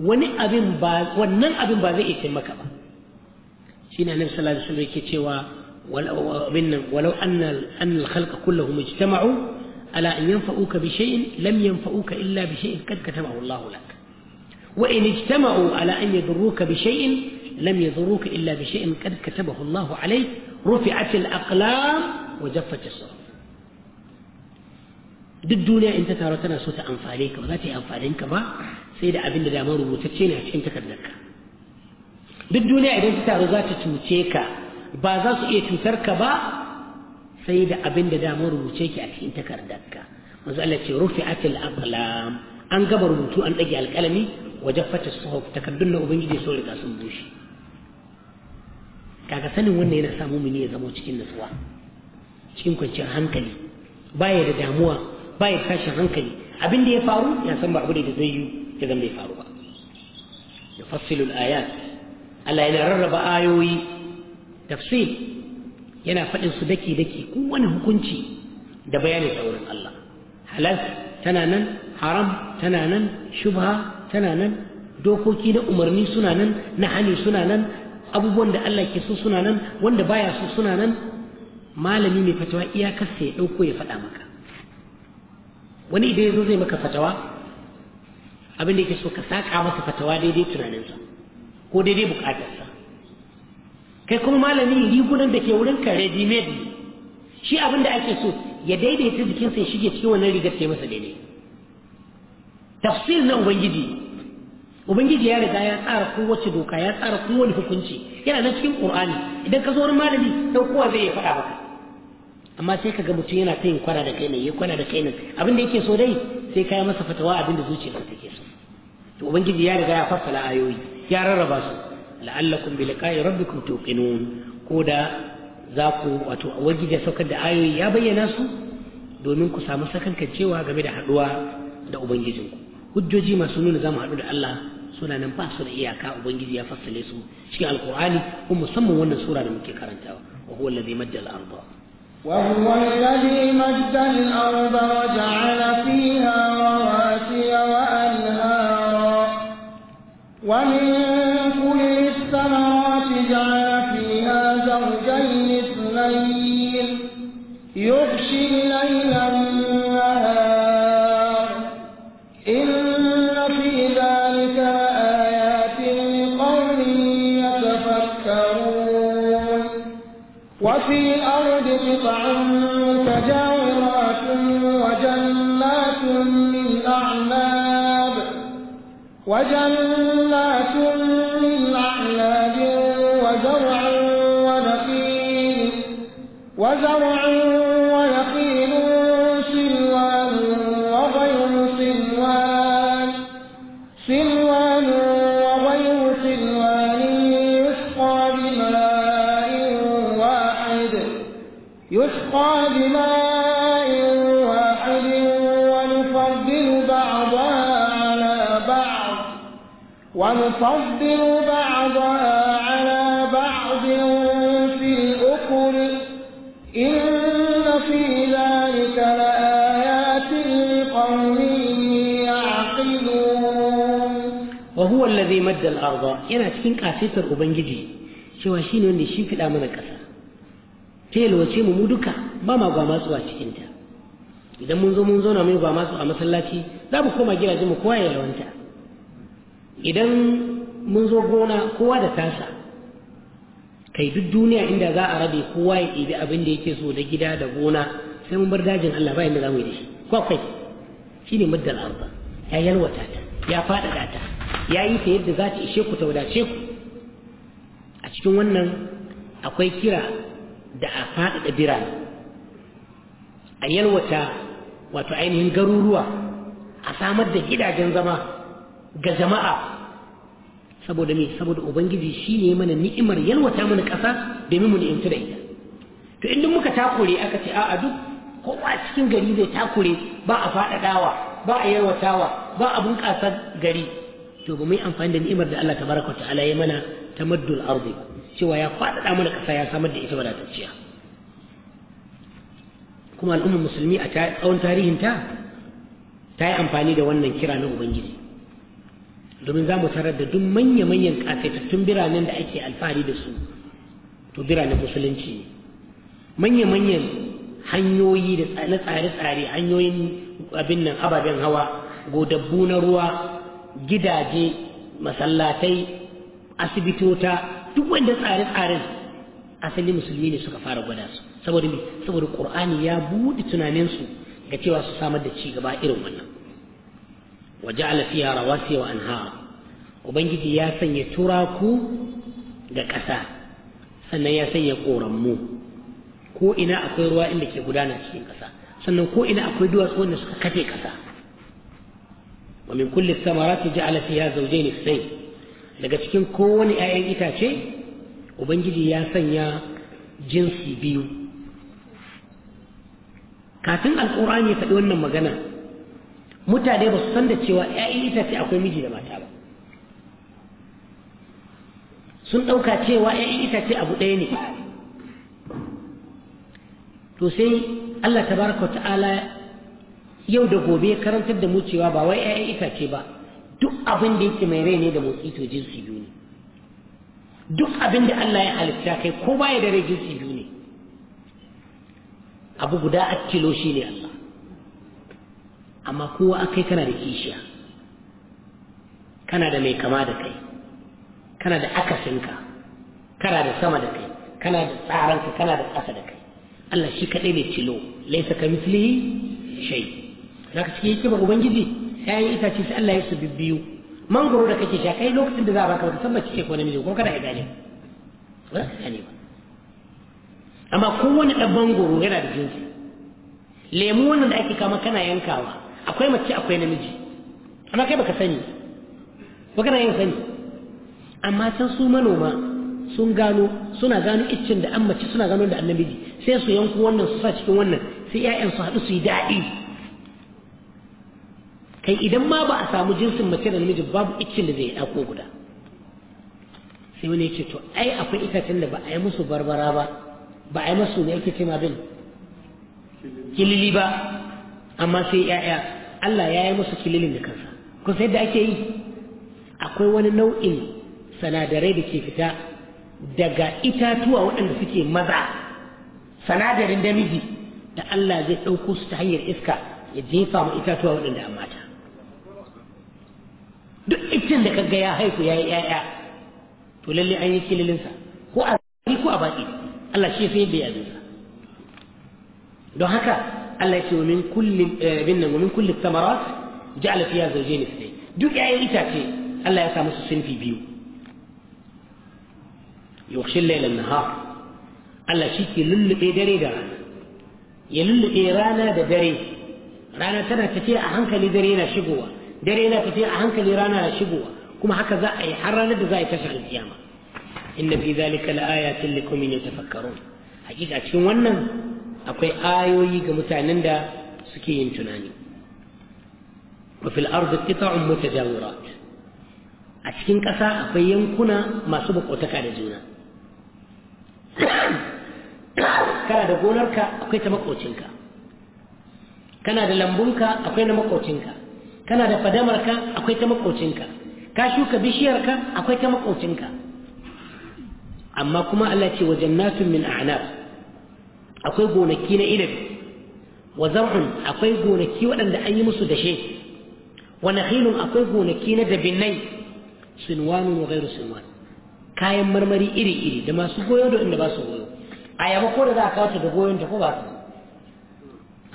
Speaker 1: wani abin ba wannan abin ba zai iya taimaka ba shine annabi sallallahu alaihi wasallam yake cewa walau annal annal khalqa kulluhum ijtama'u ألا أن ينفعوك بشيء لم ينفعوك إلا بشيء قد كتبه الله لك وإن اجتمعوا على أن يضروك بشيء لم يضروك إلا بشيء قد كتبه الله عليك رفعت الأقلام وجفت الصحف duk duniya in ta taro tana so ta amfane ka ba za ta yi amfanin ka ba sai da abin da dama rubutacce ne a cikin takardar ka duk duniya idan ta taro za ta cuce ka ba za su iya cutar ka ba sai da abin da dama rubuce ki a cikin takardarka manzo Allah ce rufi'atil aqlam an gaba rubutu an dage alƙalami wajen fata suhuf takardun na ubangiji so riga sun bushe kaga sanin wannan yana samu mu ne ya zama cikin nutsuwa cikin kwanciyar hankali baya da damuwa baya tashin hankali abin da ya faru ya san ba abu da zai yi ya zama bai faru ba ya alayat ayat Allah yana rarraba ayoyi tafsir yana faɗin su daki daki kowane hukunci da bayanin wurin Allah halal tana nan haram tana nan shubha tana nan dokoki na umarni suna nan na hani suna nan abubuwan da Allah ke so suna nan wanda baya so suna nan malami mai fatawa iyakarsa ya ɗauko ya faɗa maka wani idan ya zo zai maka fatawa abin da yake so ka saƙa masa fatawa daidai tunaninsa ko daidai buƙatarsa kai kuma malami rigunan da ke wurin ka ready made shi abin da ake so ya daidaita jikin sai shige cikin wannan rigar ta yi masa daidai tafsir na ubangiji ubangiji ya riga ya tsara kowace doka ya tsara kowane hukunci yana nan cikin qur'ani idan ka zo wurin malami dan kowa zai yi faɗa maka amma sai kaga mutum yana ta yin kwana da kai ne ya kwana da kai ne abin da yake so dai sai ka yi masa fatawa abin da zuciyarsa take so to ubangiji ya riga ya fassala ayoyi ya rarraba su la'allakum bi liqa'i rabbikum tuqinun ko da za ku wato waji da saukar da ayoyi ya bayyana su domin ku samu sakankan cewa game da haduwa da ubangijinku hujjoji masu nuna za mu haɗu da Allah suna nan ba su da iyaka ubangiji ya fassale su cikin alkur'ani ko musamman wannan sura da muke karantawa wa huwa allazi majjal arda
Speaker 3: وهو الذي مد الأرض وجعل فيها رواسي وأنهارا ومن وجنات من أعناب وزرع ونخيل وزرع ونفضل بعضها على بعض في الأكل إن في ذلك لآيات لقوم يعقلون
Speaker 1: وهو الذي مد الأرض يعني تكين كافيتر وبنجدي شو هشين وندي شيك الأمن كسا تيل وشي ممودكا بما غامس واشي انت إذا منزو منذ نعمل غامس ومسلاتي لا بكما جيلا جمو كوايا لو انت idan mun zo gona kowa da tasa kai duk duniya inda za a rabe kowa ya ɗebi abin da yake so da gida da gona sai mun bar dajin Allah ba inda za mu yi da shi ko kai shine muddal arba ya yalwata ta ya faɗaɗa ta ya yi ta yadda za ta ishe ku ta wadace ku a cikin wannan akwai kira da a faɗaɗa birane a yalwata wato ainihin garuruwa a samar da gidajen zama ga jama'a saboda me saboda ubangiji ne mana ni'imar yalwata mana ƙasa domin mu ni'imtu da ita to idan muka takure aka ce a'a duk kowa cikin gari zai takure ba a faɗaɗawa ba a yalwatawa ba a bunƙasa gari to ba yi amfani da ni'imar da Allah tabaraka ta'ala ya mana tamaddul ardi cewa ya faɗaɗa mana ƙasa ya samar da ita wadatacciya kuma al'ummar musulmi a tsawon tarihinta ta yi amfani da wannan kira na ubangiji domin za mu tarar da duk manya-manyan ƙasaitattun biranen da ake alfahari da su to biranen musulunci manya-manyan hanyoyi da na tsare-tsare hanyoyin abin nan ababen hawa godabbu na ruwa gidaje masallatai asibitota duk wanda tsare-tsaren asali musulmi ne suka fara gwada su saboda me saboda qur'ani ya buɗe tunaninsu ga cewa su samar da ci gaba irin wannan وجعل فيها رواسي وأنهارا ubangiji ya sanya turaku ga ƙasa sannan ya sanya ƙoranmu ko ina akwai ruwa inda ke gudana cikin ƙasa sannan ko ina akwai duwatsu wanda suka kafe ƙasa wa min kulli samarati ja'ala fiha zawjayn ithnayn daga cikin kowane 'ya'yan itace ubangiji ya sanya jinsi biyu kafin alƙur'ani ya faɗi wannan magana mutane ba su san da cewa 'ya'yan itace akwai miji da mata sun ɗauka cewa ‘ya'yan itace abu ɗaya ne to sai Allah Ta tabaraka ta'ala yau da gobe karantar da mu cewa ba wai ‘ya'yan itace ba duk abin da yake mai rai ne da motsi to jinsi biyu ne duk abin da Allah ya halitta kai ko ba ya da rai jinsi biyu ne abu guda a kilo shi ne Allah amma kowa akai kana da kishiya kana da mai kama da kai kana da akasinka kana da sama da kai kana da tsaranka kana da ƙasa da kai Allah shi kaɗai ne cilo laisa ka mislihi shay ka cikin hikimar ubangiji sai ya itace sai Allah ya su bibbiyu mangoro da kake sha kai lokacin da za a baka ka san bace ko namiji ko kana ka gane ba ka gane ba amma kowane ɗan mangoro yana da jinsi lemu wannan da ake kama kana yankawa akwai mace akwai namiji amma kai baka sani ba kana yin sani amma can su manoma sun gano suna gano iccen da an mace suna gano da annabiji sai su yanku wannan su sa cikin wannan sai ƴaƴan su haɗu su yi daɗi kai idan ma ba a samu jinsin mace da namiji babu iccen da zai ɗako guda sai wani yake to ai akwai itacen da ba a yi musu barbara ba ba a yi musu ne ake ce bin kilili ba amma sai 'ya'ya. Allah ya yi musu kililin da kansa kusa sai da ake yi akwai wani nau'in sanadarai da ke fita daga itatuwa waɗanda suke maza sanadarin damiji da Allah zai ɗauko su ta hanyar iska ya jefa ma itatuwa waɗanda a mata duk itin da kaga ya haiku ya yi ‘ya'ya to lalle an yi kililinsa ko a zari ko a baƙi Allah shi sai bai yabe don haka Allah ce min kullin eh, bin nan min kullin samarat ja'ala fiha zawjayn ithnayn duk ‘ya'yan itace Allah ya sa musu sunfi biyu يوشي الليل النهار الله شيك يلل كي داري دا يلل كي رانا دا داري رانا تنا كتير اللي لدارينا شقوة دارينا كتير اللي رانا شقوة كما هكذا أي حرة لدى زاي تشغل القيامة إن في ذلك لآيات لكم من يتفكرون حقيقة شو ونن أقول آيو يجا متعنن دا سكين تناني وفي الأرض قطع متجاورات أشكين كسا أقول ينكونا ما سبق وتكالزونا kana da gonarka akwai ta makocinka kana da lambunka akwai na makocinka kana da fadamarka akwai ta makocinka ka shuka bishiyarka akwai ta makocinka amma kuma Allah ce wajen jannatun min a'nab akwai gonaki na inabi wa zar'un akwai gonaki waɗanda an yi musu dashe wa nakhilun akwai gonaki na dabinai sinwanun wa ghairu sinwan kayan marmari iri-iri da masu goyo da inda ba su goyo yaba ko da za a kawo ta da goyon ta ko ba ta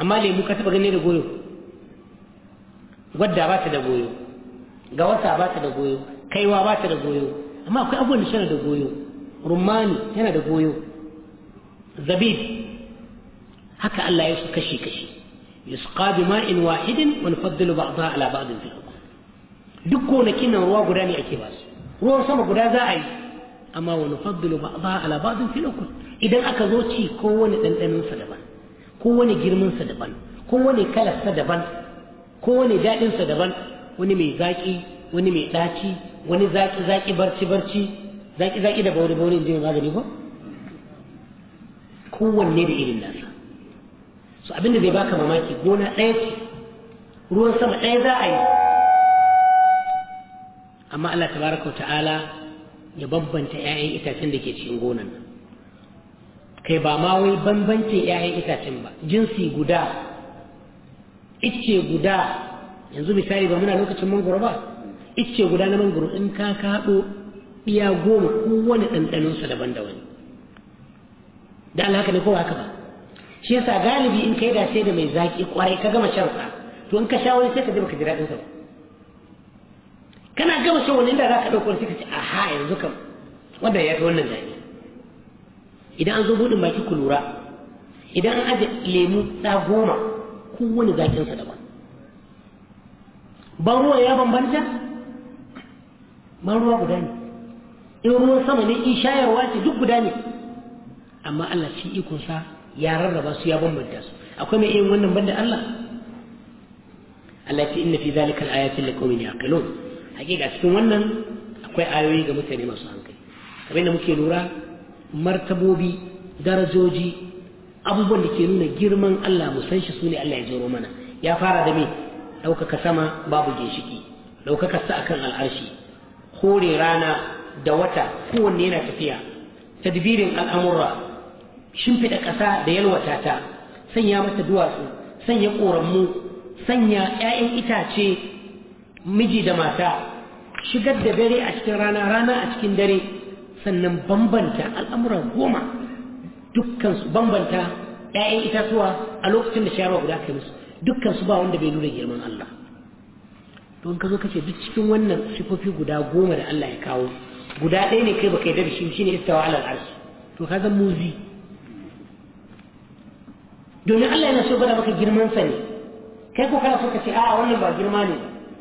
Speaker 1: amma lemu ka taba gane da goyo gwadda ba ta da goyo gawasa ba ta da goyo kaiwa ba ta da goyo amma akwai abubuwan da suna da goyo rumani yana da goyo zabib haka Allah ya su kashi kashi yusqa bi ma'in wahidin wa nufaddilu ba'daha ala ba'din fil duk gonakin nan ruwa guda ne ake ba su ruwan sama guda za a yi amma wani fadlu ba ba ala ba'din fil idan aka zo ci kowane dandanon sa daban kowane girman sa daban kowane kalar sa daban kowane dadin sa daban wani mai zaki wani mai ɗaci, wani zaki zaki barci barci zaki zaki da bauri bauri inji magani ba. kowanne da irin nasa so abinda zai baka mamaki gona ɗaya ce ruwan sama ɗaya za a yi amma Allah tabaraka wa ta'ala ya bambanta 'ya'yan itacen da ke cikin gonan kai ba ma wai bambancin 'ya'yan itacen ba jinsi guda icce guda yanzu misali ba muna lokacin mangoro ba icce guda na mangoro in ka kaɗo iya goma kowane ɗanɗanonsa daban da wani da alhaka ne kowa haka ba shi yasa galibi in kai dace da mai zaki kwarai ka gama shan sa to in ka sha wani sai ka ji baka ji daɗin sa ba kana gama shan wannan da za ka ɗauko sai ka ce ha yanzu kam wanda ya fi wannan zane idan an zo buɗin baki ku lura idan an aje lemu ɗa goma kowane zaƙinsa daban ban ruwa ya bambanta ban ruwa guda ne in ruwan sama ne in shayarwa ce duk guda ne amma Allah shi ikonsa ya rarraba su ya bambanta su akwai mai yin wannan banda Allah Allah ya ce inna fi zalika al-ayatin liqaumin yaqilun hakika cikin wannan akwai ayoyi ga mutane masu hankali kamar yadda muke lura martabobi darajoji abubuwan da ke nuna girman Allah mu san shi su ne Allah ya zoro mana ya fara da me ɗaukaka sama babu ginshiki ɗaukaka sa akan al'arshi kore rana da wata kowanne yana tafiya tadbirin al'amurra shimfiɗa ƙasa da yalwata ta sanya mata duwatsu sanya ƙoranmu sanya 'ya'yan itace miji da mata shigar da dare a cikin rana rana a cikin dare sannan bambanta al'amura goma dukkansu bambanta ‘ya'yan itatuwa a lokacin da shayarwa guda kai musu dukkansu ba wanda bai nuna girman Allah don ka zo kace duk cikin wannan sifofi guda goma da Allah ya kawo guda ɗaya ne kai baka yarda da shi shine istawa ala al'arsh to ka zan muzi domin Allah yana so gwada maka girman sa ne kai ko kana so ka ce a'a wannan ba girma ne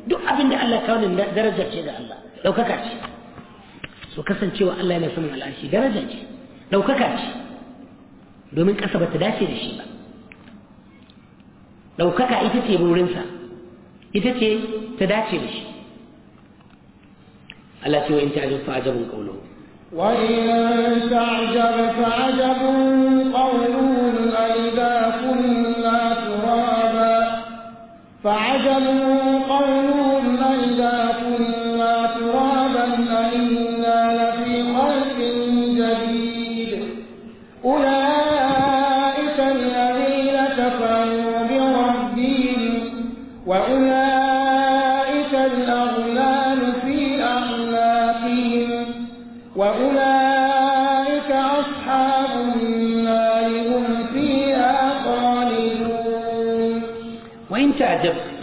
Speaker 1: duk abin da Allah kawo ne darajar ce da Allah ɗaukaka ce so kasancewa Allah yana saman al'arshi daraja ce ɗaukaka ce domin ƙasa ba ta dace da shi ba ɗaukaka ita ce burinsa ita ce ta dace da shi Allah ce wa in ta'ajab fa ajabun qawluhu
Speaker 3: wa in ta'ajab fa ajabun qawluhu فعزموا قوله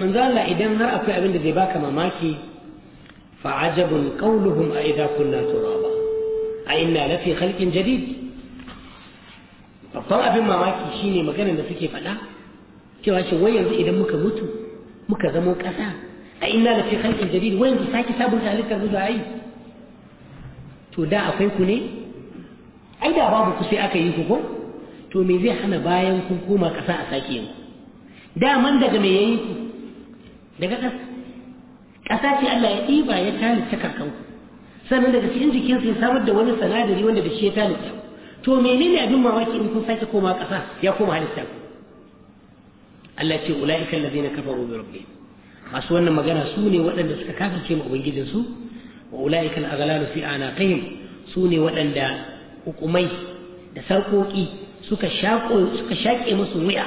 Speaker 1: manzo Allah idan har akwai abin da zai baka mamaki fa ajabun qawluhum a idza kunna turaba a inna fi khalqin jadid babban abin mamaki shine maganar da suke faɗa cewa shi wai yanzu idan muka mutu muka zamo ƙasa a inna fi khalqin jadid wai yanzu sake sabunta halittar mu da ai to da akwai ku ne ai da babu ku sai aka yi ku ko to me zai hana bayan kun koma ƙasa a sake yanku da man daga me yayi ku daga ƙasa ƙasa ce Allah ya ɗiba ya tani ta kakanku sannan daga cikin jikinsu ya samar da wani sanadari wanda da shi ya tani ta to menene abin mamaki in kun sake koma ƙasa ya koma halitta ku Allah ce ula'ika allazina kafaru bi rabbihim masu wannan magana su ne waɗanda suka kasance ma ubangijinsu wa ula'ika al'aghlalu fi anaqihim su ne waɗanda hukumai da sarƙoƙi suka shaƙe musu wuya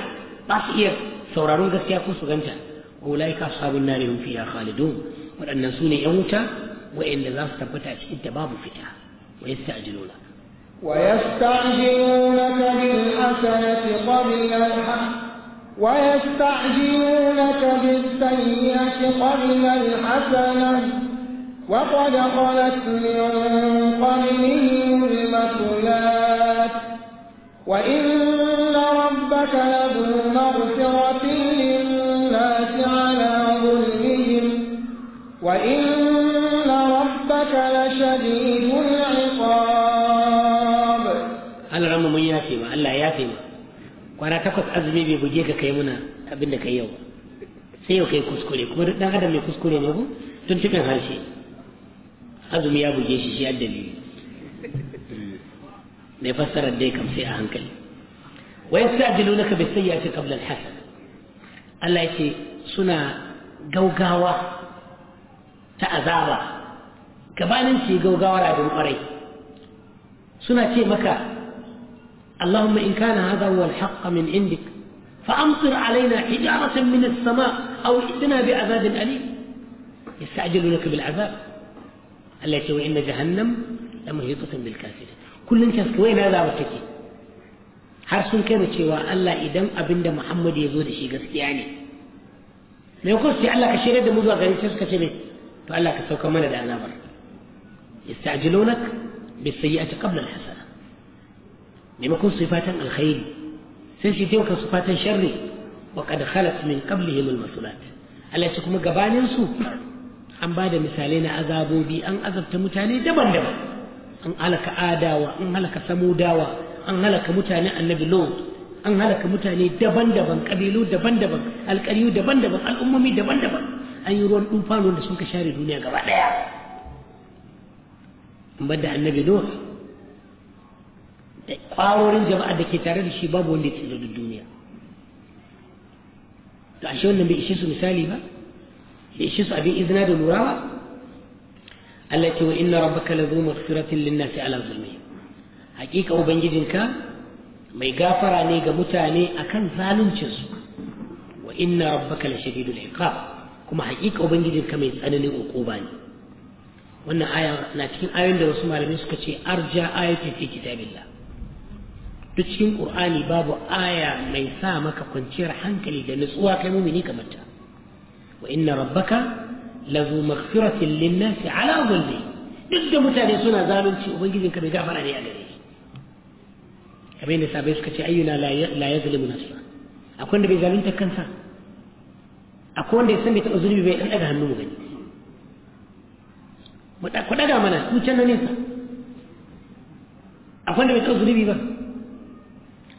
Speaker 1: ba su iya sauraron gaskiya ko su ganta أولئك أصحاب النار هم فيها خالدون ولن ننسوني أموتا وإن الله ستبتع أنت باب فتح ويستعجلونك
Speaker 3: ويستعجلونك بالحسنة قبل الحق ويستعجلونك بالسيئة قبل الحسنة وقد خلت من قبلهم المثلات وإن ربك لذو مغفرة وإن ربك لشديد العقاب
Speaker 1: هل من يافي ما الله يافي ما kwana takwas azumi bai buge ka kai muna abin da kai yau sai yau kai kuskure kuma duk dan adam mai kuskure ne ku tun cikin harshe azumi ya buge shi shi addali mai fassarar dai kam sai a hankali wa yasta'jilunaka bis sayyi'ati qabla al-hasan Allah suna gaugawa ta'azaba gabanin ci gaugawa rabin kwarai suna ce maka اللهم إن كان هذا هو الحق من عندك فأمطر علينا حجارة من السماء أو ائتنا بعذاب أليم يستعجلونك بالعذاب التي إن جهنم لمحيطة بالكافرين كل أنت وين هذا وقتك حرس كان شيء وألا إدم أبند محمد يزود شيء قصدي يعني ما يقول الله كشيء هذا موضوع غريب شيء فقال لك سو كما ندى الأمر يستعجلونك بالسيئة قبل الحسنة لما كن صفاتا الخير سيسيتيوك صفاتا شري وقد خلت من قبلهم المثلات ألا يسكم قبان ينسو أم بعد مثالين أذابوا بي أن أذبت متاني دبا دبا أن ألك آداوة وأن ألك سموداوة وأن ألك متاني النبي لوط أن ألك متاني دبا دبا قبيلو دبا دبا القريو دبا دبا الأمم دبا دبا an yi ruwan dufa da sun ka share duniya gaba daya bar da annabi nuh da kwarorin jama'a da ke tare da shi babu wanda ya tsira da duniya to ashe wannan bai ishe su misali ba bai ishe su abin izina da lura ba Allah ce wa inna rabbaka la zuma firatin linnasi ala zulmi hakika ubangijinka mai gafara ne ga mutane akan zaluncinsu wa inna rabbaka la shadidul iqab kuma haƙiƙa ubangijin ka mai tsananin uquba ne wannan aya na cikin ayoyin da wasu malamai suka ce arja ayatin fi kitabillah duk cikin qur'ani babu aya mai sa maka kwanciyar hankali da nutsuwa kai mumini kamar ta wa inna rabbaka lazu maghfiratin lin-nasi ala dhulli duk da mutane suna zalunci ubangijin ka bai gafara ne a gare shi kamar yadda sabai suka ce ayyuna la yazlimu nafsa akwai da bai zalunta kansa akwai wanda ya san bai taɓa zunubi bai ɗan ɗaga hannu mu gani ku ɗaga mana su can na nesa akwai wanda bai taɓa zunubi ba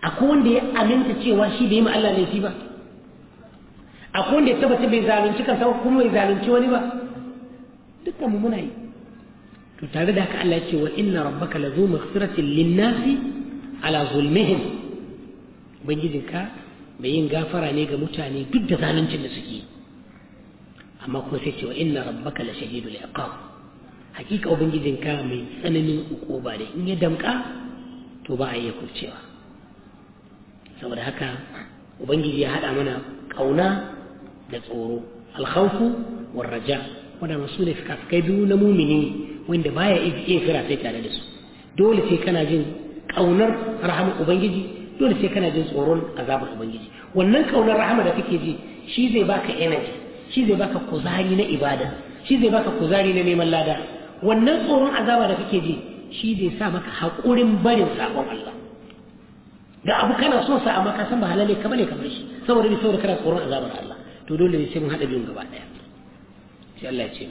Speaker 1: akwai wanda ya aminta cewa shi bai yi ma Allah laifi ba akwai wanda ya tabbata bai zalunci kansa kuma bai zalunci wani ba dukkan mu muna yi to tare da haka Allah ya ce wa inna rabbaka lazu maghfiratin lin-nasi ala zulmihim ubangijinka mai yin gafara ne ga mutane duk da zaluncin da suke amma kuma sai cewa inna rabbaka la shadidul iqab hakika ka mai tsananin ukuba ne in ya damka to ba a iya kurcewa saboda haka ubangiji ya hada mana kauna da tsoro alkhawfu war raja wadannan su ne fikafikai biyu na mumini wanda baya iya fira sai tare da su dole sai kana jin kaunar rahamar ubangiji dole sai kana jin tsoron azabar ubangiji wannan kaunar rahama da kake ji shi zai baka energy shi zai baka kuzari na ibada shi zai baka kuzari na neman lada wannan tsoron azaba da kake ji shi zai sa maka haƙurin barin sakon Allah da abu kana so sa amma ka san ba halale ka bane kamar shi saboda ni saboda kana tsoron azabar Allah to dole ne sai mun hada biyun gaba daya sai Allah ya ce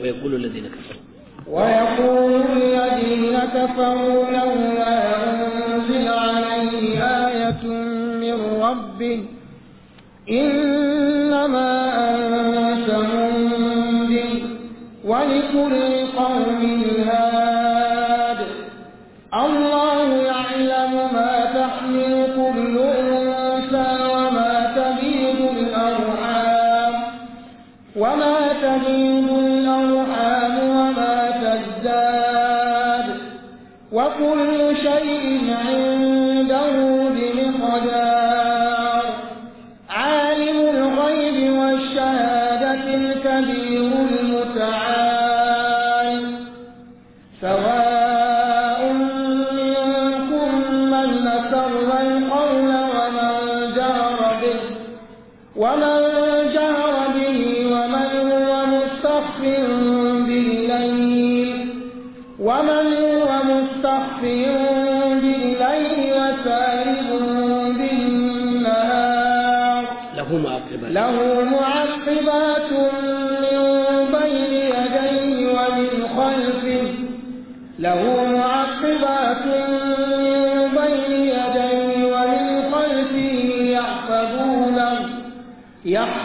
Speaker 1: wa yaqulu alladhina kafaru ويقول الذين كفروا لولا
Speaker 3: أنزل عليه آية من ربه إنما أنت منذر ولكل قوم هاد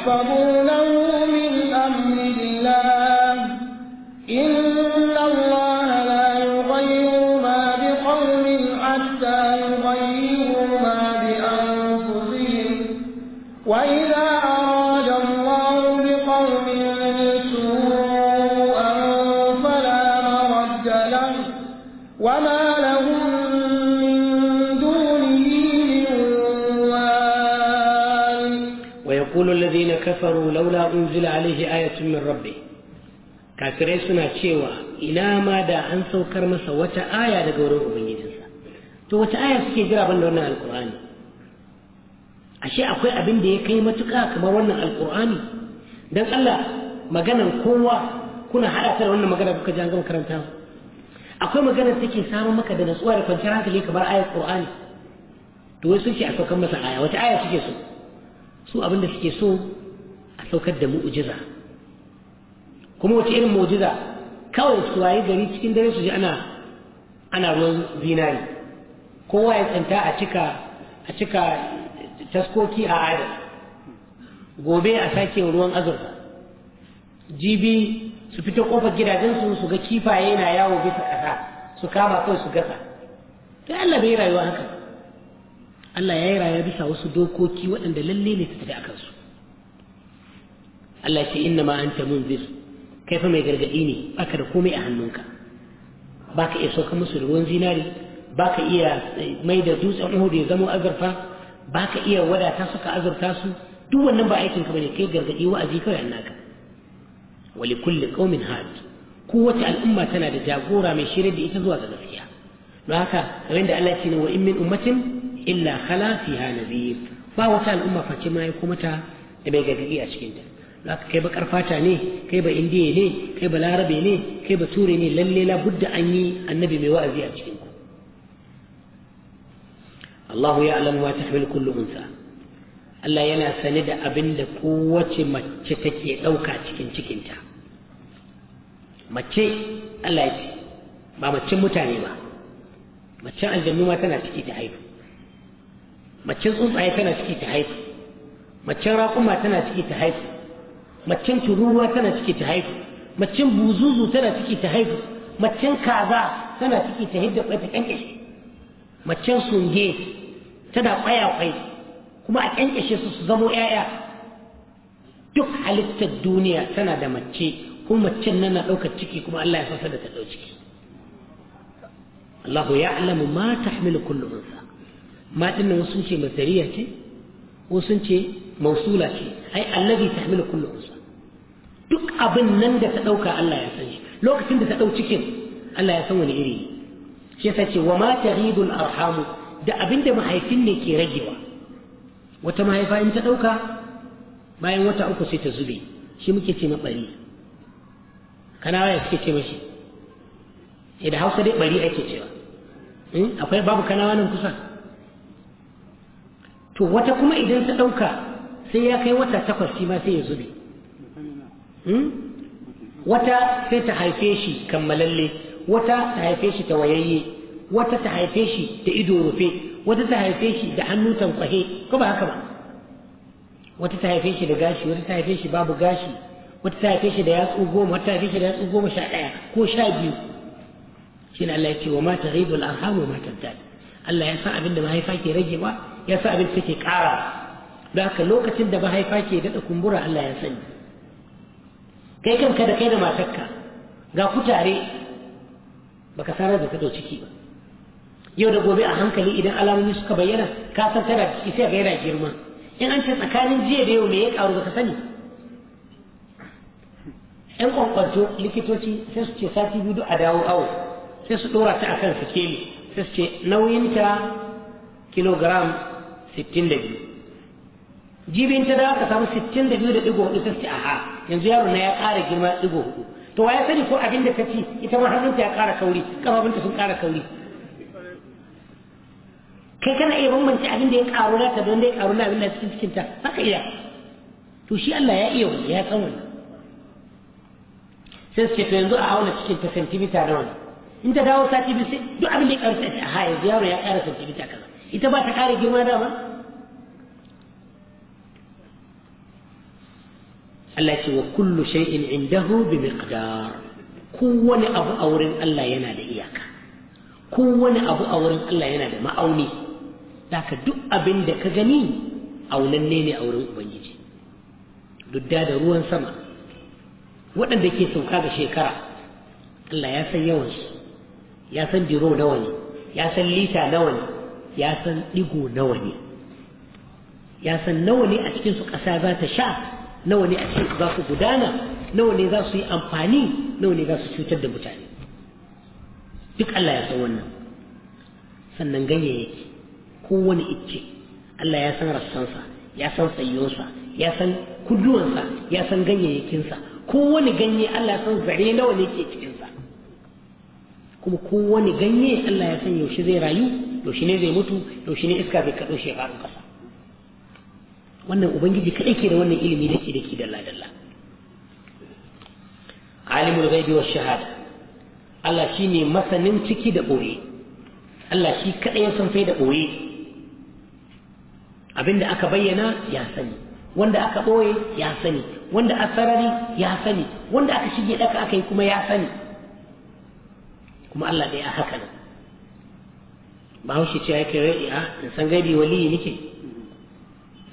Speaker 3: يحفظونه
Speaker 1: kafaru laula unzila alaihi ayatun min rabbi kafirai suna cewa ina ma da an saukar masa wata aya daga wurin ubangijinsa to wata aya suke jira banda wannan alqur'ani ashe akwai abin da ya kai matuƙa kamar wannan alqur'ani dan Allah maganan kowa kuna hada ta da wannan magana kuka ji an gama karanta akwai maganar take samun maka da natsuwa da kwanciyar hankali kamar ayat qur'ani to wai sun ce a saukar masa aya wata aya suke so su abin da suke so a saukar da mu'jiza kuma wace irin mu'jiza kawai su waye gari cikin dare su ji ana ana ruwan zinari kowa ya tsanta a cika a cika taskoki a ada gobe a sake ruwan azurfa jibi su fito kofar gidajensu su ga kifaye na yawo bisa ƙasa su kama kawai su gasa
Speaker 2: sai Allah bai rayuwa haka
Speaker 1: Allah ya yi rayuwa bisa wasu dokoki waɗanda lalle ne su tafi a kansu Allah ce inna ma anta munzir kai fa mai gargadi ne baka da komai a hannunka baka iya sauka musu ruwan zinari baka iya mai da dutsen Uhud ya zama azurfa baka iya wadata suka azurta su duk wannan ba aikin ka bane kai gargadi wa'azi kawai annaka wa li kulli qaumin had kowace al'umma tana da jagora mai shirye da ita zuwa ga gaskiya don haka kamar da Allah ya ce wa in min ummatin illa khala fiha nadhir ba wata al'umma face ma ya kuma ta da mai gargadi a cikin ta za ka kai ba fata ne kai ba indiya ne kai ba larabe ne kai ba ture ne lalle la budda an yi annabi mai wa'azi a cikin ku Allah ya alamu wa tahmil kullu unsa Allah yana sane da abin da kowace mace take ɗauka cikin cikinta mace Allah ya ce ba macen mutane ba macen aljannu ma tana ciki ta haihu macen tsuntsaye tana ciki ta haihu macen raƙuma tana ciki ta haihu macen tururuwa tana ciki ta haihu macen buzuzu tana ciki ta haihu macen kaza tana ciki ta hidda ta kyankyashe macen sunge tana kwayakwai kuma a kyankyashe su su zamo 'ya'ya duk halittar duniya tana da mace kuma macen nan na ɗaukar ciki kuma Allah ya fasa da ta ɗau ciki Allahu ya alamu ma ta hamilu kullu unsa ma ɗin wasu ce masariya ce wasu ce mausula ce ai allazi ta hamilu kullum. unsa duk abin nan da ta ɗauka Allah ya sani lokacin da ta ɗau cikin Allah ya san wani iri shi yasa ce wa ma taghidul arhamu da abin da mahaifin ne ke ragewa wata mahaifa in ta ɗauka bayan wata uku sai ta zube shi muke ce maɓari kanawa ya suke ce mashi eh, da hausa dai ɓari ake cewa hmm? akwai babu kanawa nan kusa to wata kuma idan ta ɗauka sai ya kai wata takwas shi ma sai ya zube Hmm? wata sai ta haife shi kammalalle wata ta haife shi wayayye wata ta haife shi da ido rufe wata ta haife shi da hannu tankwahe ko ba haka ba wata ta haife shi da gashi wata ta haife shi babu gashi wata ta haife shi da yatsu goma wata ta haife shi da yatsu goma sha ɗaya ko sha biyu shi ne Allah ya ce wa ma taghidu al-arham wa ma tazdad Allah ya san abin da mahaifa ke rage ba ya san abin da take ƙara don haka lokacin da mahaifa ke daɗa kumbura Allah ya sani kai kanka da kai da matarka ga ku tare ka sanar da ta ciki ba yau da gobe a hankali idan alamomi suka bayyana ka san tana ciki sai ga yana girma in an ce tsakanin jiya da yau me ya karu ka sani yan kwankwanto likitoci sai su ce sati biyu a dawo awo sai su dora ta akan sikeli sai su ce nauyinta kilogram 62 jibin ta da ka samu da 62.4 sai su ce aha yanzu yaro na ya ƙara girma ɗigo hudu to wa ya sani ko abin da ka ci ita ma hannunta ya ƙara kauri ƙafafunta sun ƙara kauri kai kana iya bambance abin da ya ƙaru na ta don da ya ƙaru na abin da cikin cikinta haka iya to shi Allah ya iya wani ya san wani sai suke to yanzu a auna cikin ta sentimita nawa ne in ta dawo sati biyu duk abin da ya ƙaru ce a ha yaro ya ƙara sentimita kaza ita ba ta ƙara girma dama Allah ce wa kullu shay'in indahu bi miqdar kowane abu a wurin Allah yana da iyaka kowane abu a wurin Allah yana da ma'auni daga duk abin da ka gani aunanne ne a wurin ubangiji duk da ruwan sama waɗanda ke sauka ga shekara Allah ya san yawansu ya san jiro nawa ne ya san lita nawa ne ya san digo nawa ne ya san nawa ne a cikin su ƙasa za ta sha nawa ne a cikin za su gudana nawa ne za su yi amfani nawa ne za su cutar da mutane duk Allah ya san wannan sannan ganyayyaki kowane icce Allah ya san rassansa ya san tsayyonsa ya san kuduwansa ya san ganyayyakinsa kowane ganye Allah ya san zare nawa ne ke cikinsa kuma kowane ganye Allah ya san yaushe zai rayu yaushe ne zai mutu yaushe ne iska zai kaɗo shi ya ƙasa wannan ubangiji kadai ke da wannan ilimi da ke da ke dalla dalla alimul ghaibi wash shahada Allah shi ne masanin ciki da ɓoye. Allah shi kadai ya san fai da ɓoye. abinda aka bayyana ya sani wanda aka boye ya sani wanda aka sarari ya sani wanda aka shige daka aka yi kuma ya sani kuma Allah ɗaya haka nan ba haushi ce ya kai ra'i'a in san gaibi waliyi nake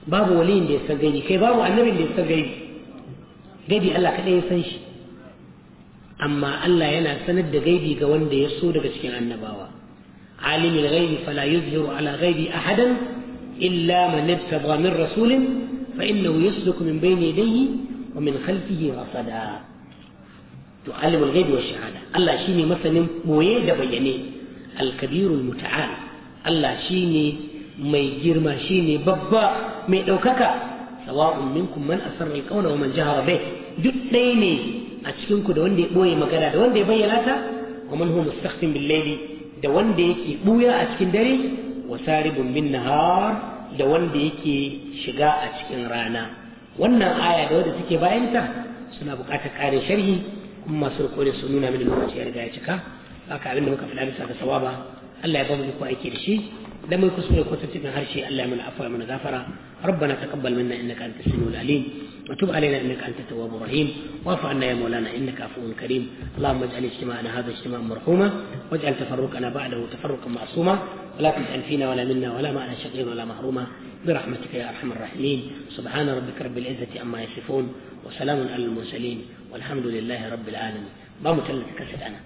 Speaker 1: babu waliyin da ya san gaibi kai babu annabin da ya san gaibi gaibi Allah kaɗai ya san shi amma Allah yana sanar da gaibi ga wanda ya so daga cikin annabawa alimul ghaibi fala yuzhiru ala ghaibi ahadan illa man ibtagha min rasulin fa innahu yasluku min bayni yadayhi wa min khalfihi rasada to alimul ghaibi wa shahada Allah shine masanin boye da bayyane al-kabirul muta'al Allah shine mai girma shine babba mai ɗaukaka sawa'un minkum man asarra alqawla wa man jahara bih duk ɗaya ne a cikin ku da wanda ya boye magana da wanda ya bayyana ta wa man huwa mustakhfin bil layli da wanda yake buya a cikin dare wa saribun bin nahar da wanda yake shiga a cikin rana wannan aya da wanda take bayanta suna buƙatar ƙarin sharhi kuma masu rikodin sun nuna mini lokaci ya riga ya cika haka abinda muka faɗa bisa ga sawaba Allah ya bamu mu iko aiki da shi لما يكون كتب كنت من هرشي ألا من العفو من غفر ربنا تقبل منا إنك أنت السميع العليم وتب علينا إنك أنت التواب الرحيم واعف عنا يا مولانا إنك عفو كريم اللهم اجعل اجتماعنا هذا اجتماعا مرحوما واجعل تفرقنا بعده تفرقا معصوما ولا تجعل فينا ولا منا ولا معنا شقيا ولا محروما برحمتك يا أرحم الراحمين سبحان ربك رب العزة عما يصفون وسلام على المرسلين والحمد لله رب العالمين ما مثلث كسر أنا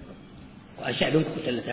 Speaker 1: ana